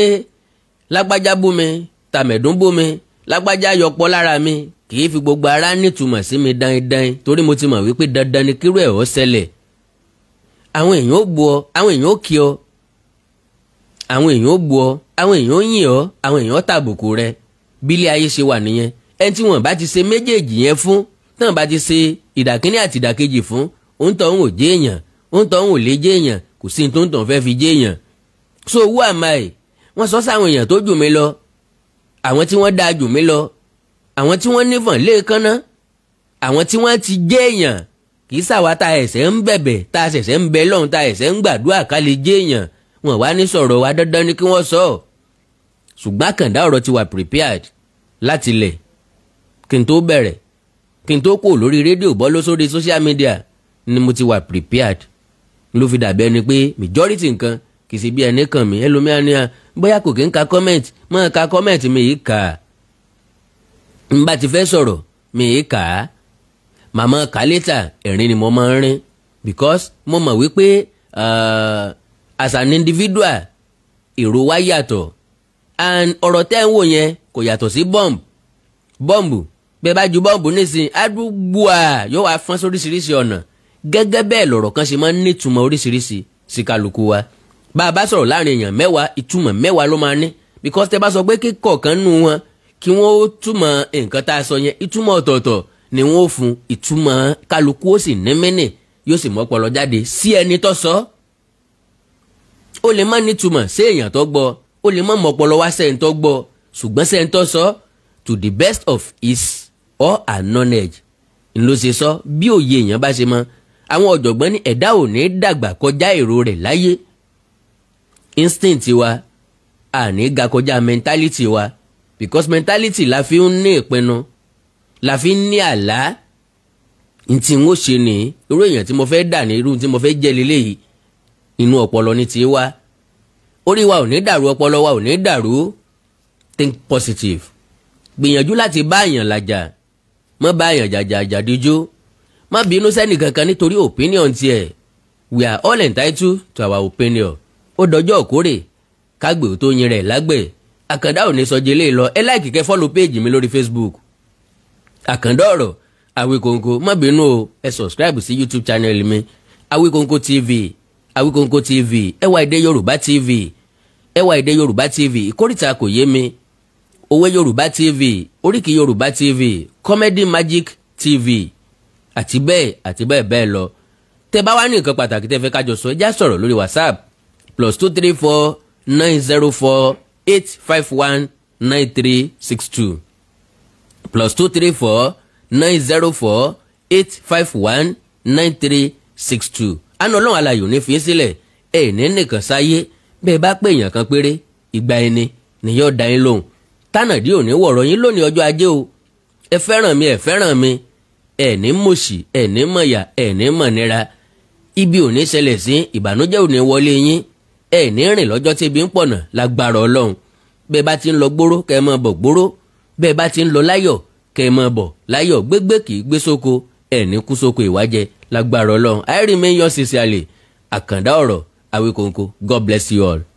[SPEAKER 2] lágbájá bú mi tàmẹ̀dún bú mi lágbájá yọpọ̀ lára mi kì í fi gbogbo ara nítumọ̀ sí mi dandan torí mo ti mọ̀ wípé dandan ni kírú ẹ̀ ó ṣẹlẹ̀ àwọn èèyàn ó bu ọ àwọn èèyàn ó kí ọ àwọn èèyàn ó bu ọ àwọn èèyàn ó yìn ọ àwọn èèyàn ó tàbùkù rẹ bílé ayé ṣe wà nìyẹn ẹni tí wọn bá ti se méjèèjì yẹn fún tí wọn bá ti se ìdàkínní àti ìdàkejì fún òun tọ̀ òun ò jẹ́ èèyàn òun tọ̀ òun ò lè jẹ́ kò sí ní tó ń tàn fẹ́ fi jẹ́ so who am I wọ́n sọ sáwọn èèyàn tó jù mí lọ àwọn tí wọ́n dáa jù mí lọ àwọn tí wọ́n nífọ̀n léèkánná àwọn tí wọ́n ti jẹ́ èèyàn kì í sàwa ta ẹ̀sẹ̀ ń bẹ̀bẹ̀ ta ẹ̀sẹ̀ ń bẹ lọ́hùn ta ẹ̀sẹ̀ ń gbàdúrà ká lè jẹ́ wọn wá ní sọ̀rọ̀ wa dandan ni kí wọ́n sọ ṣùgbọ́n àkàndá ọ̀rọ̀ ti wà prepared láti lẹ̀ kí n tó bẹ̀rẹ̀ kí n tó kò lórí rédíò bọ́ lọ sórí social media ni mo ti wà prepared ló fi dàbí ẹni pé majority nǹkan kì í ṣe bí ẹni kàn mí ẹlòmíà ni bóyá kò kí n ka comment mọ́ ka comment mi yìí kà á n bá ti fẹ́ sọ̀rọ̀ mi yìí kà á màmá kálítà ẹ̀rín ni mo máa ń rín because mo mọ̀ wípé uh, as an individual èrò wa yàtọ̀ and ọ̀rọ̀ tẹ́ ń wò yẹn kò yàtọ̀ sí bomb bomb bẹ́ẹ̀ bá ju bọ́ǹbù nísìn àdúgbò à yóò wá fọ́n sóríṣiríṣi ọ̀nà gẹ́gẹ́ bẹ́ẹ̀ lọ̀rọ̀ kan ṣe máa ń nítumọ̀ oríṣiríṣi sí kálukú wa bá a bá sọ̀rọ̀ láàrin èèyàn mẹ́wàá ìtumọ̀ mẹ́wàá ló máa ní because tẹ́ bá sọ pé kíkọ̀ọ̀kan nù wọn kí wọ́n ó túmọ̀ nǹkan tá a sọ yẹn ìtumọ̀ ọ̀tọ̀ọ̀tọ̀ ni wọ́n ó fún ìtumọ̀ kálukú ó sì ní mẹ́nì yóò sì mọ́pọlọ jáde sí the best of his or her knowledge ńlọ ṣe sọ bí òye èèyàn bá ṣe mọ àwọn ọ̀jọ̀gbọ́n ní ẹ̀dá ò ní dàgbà kọjá èrò rẹ̀ láyé instinct wa a ní ga kọjá mentality wa because mentality la fi ń ní ìpinnu la fi ń ní àlá ntí n ó ṣe ní irú èèyàn tí mo fẹ́ dà ní irú tí mo fẹ́ jẹ́ lélẹ́yìí inú ọpọlọ ní ti wá orí wa ò ní dàrú ọpọlọ wa ò ní dàrú think positive gbìyànjú láti bá àyàn làjà. La má báyàn jàjàjàdíjó má bínú sẹ́ni kankan nítorí opinion tiẹ̀ we are all entitled to our opinion ó dọjọ́ òkórè kágbè tó yin rẹ̀ lágbẹ̀ àkàndá ò ní sọjí ilé lọ ẹ láìkì kẹ́ fọ́lù péèjì mi lórí Facebook àkàndá ọ̀rọ̀ Awikonko má bínú o ẹ subscribe sí YouTube channel mi Awikonko TV Awikonko TV ẹwà èdè Yorùbá TV ẹwà èdè Yorùbá TV ìkórìtà kò yé mi òwe yorùbá tv oríkì yorùbá tv comedy magic tv àti bẹ́ẹ̀ àti bẹ́ẹ̀ bẹ́ẹ̀ lọ tẹ́ bá wá ní nǹkan pàtàkì tẹ́ fẹ́ kájọ sọ ẹ sọ̀rọ̀ lórí whatsapp plus two three four nine zero four eight five one nine three six two plus two three four nine zero four eight five one nine three six two àná ọlọ́run alayò ní fi sílẹ̀ ẹ̀ ní nìkan sáyé bẹ́ẹ̀ bá pè èèyàn kan péré ìgbà ẹni nìyọ́ dá yín lóhùn tánàdí òní wọ̀rọ̀ yín lónìí ọjọ́ ajé o ẹ fẹ́ràn mi ẹ fẹ́ràn mi ẹ ní mọ̀ṣì ẹ ní mọ̀yà ẹ ní mọ̀nira ibi òní ṣẹlẹ̀ sí ìbànújẹ́ òní wọlé yín ẹ ní rìn lọ́jọ́ tí ibi ń pọ̀nà lágbára ọlọ́run bẹ́ẹ̀ bá ti ń lọ gbóró kẹ́ ẹ máa bọ̀ gbóró bẹ́ẹ̀ bá ti ń lọ láyọ̀ kẹ́ ẹ máa bọ̀ láyọ̀ gbégbé kì í gbé sóko ẹ ní kú sóko ìwájẹ lágbára ọlọ́run I remain yours sincerely àkàndá ọ̀rọ̀ Awikonko God bless you
[SPEAKER 1] all.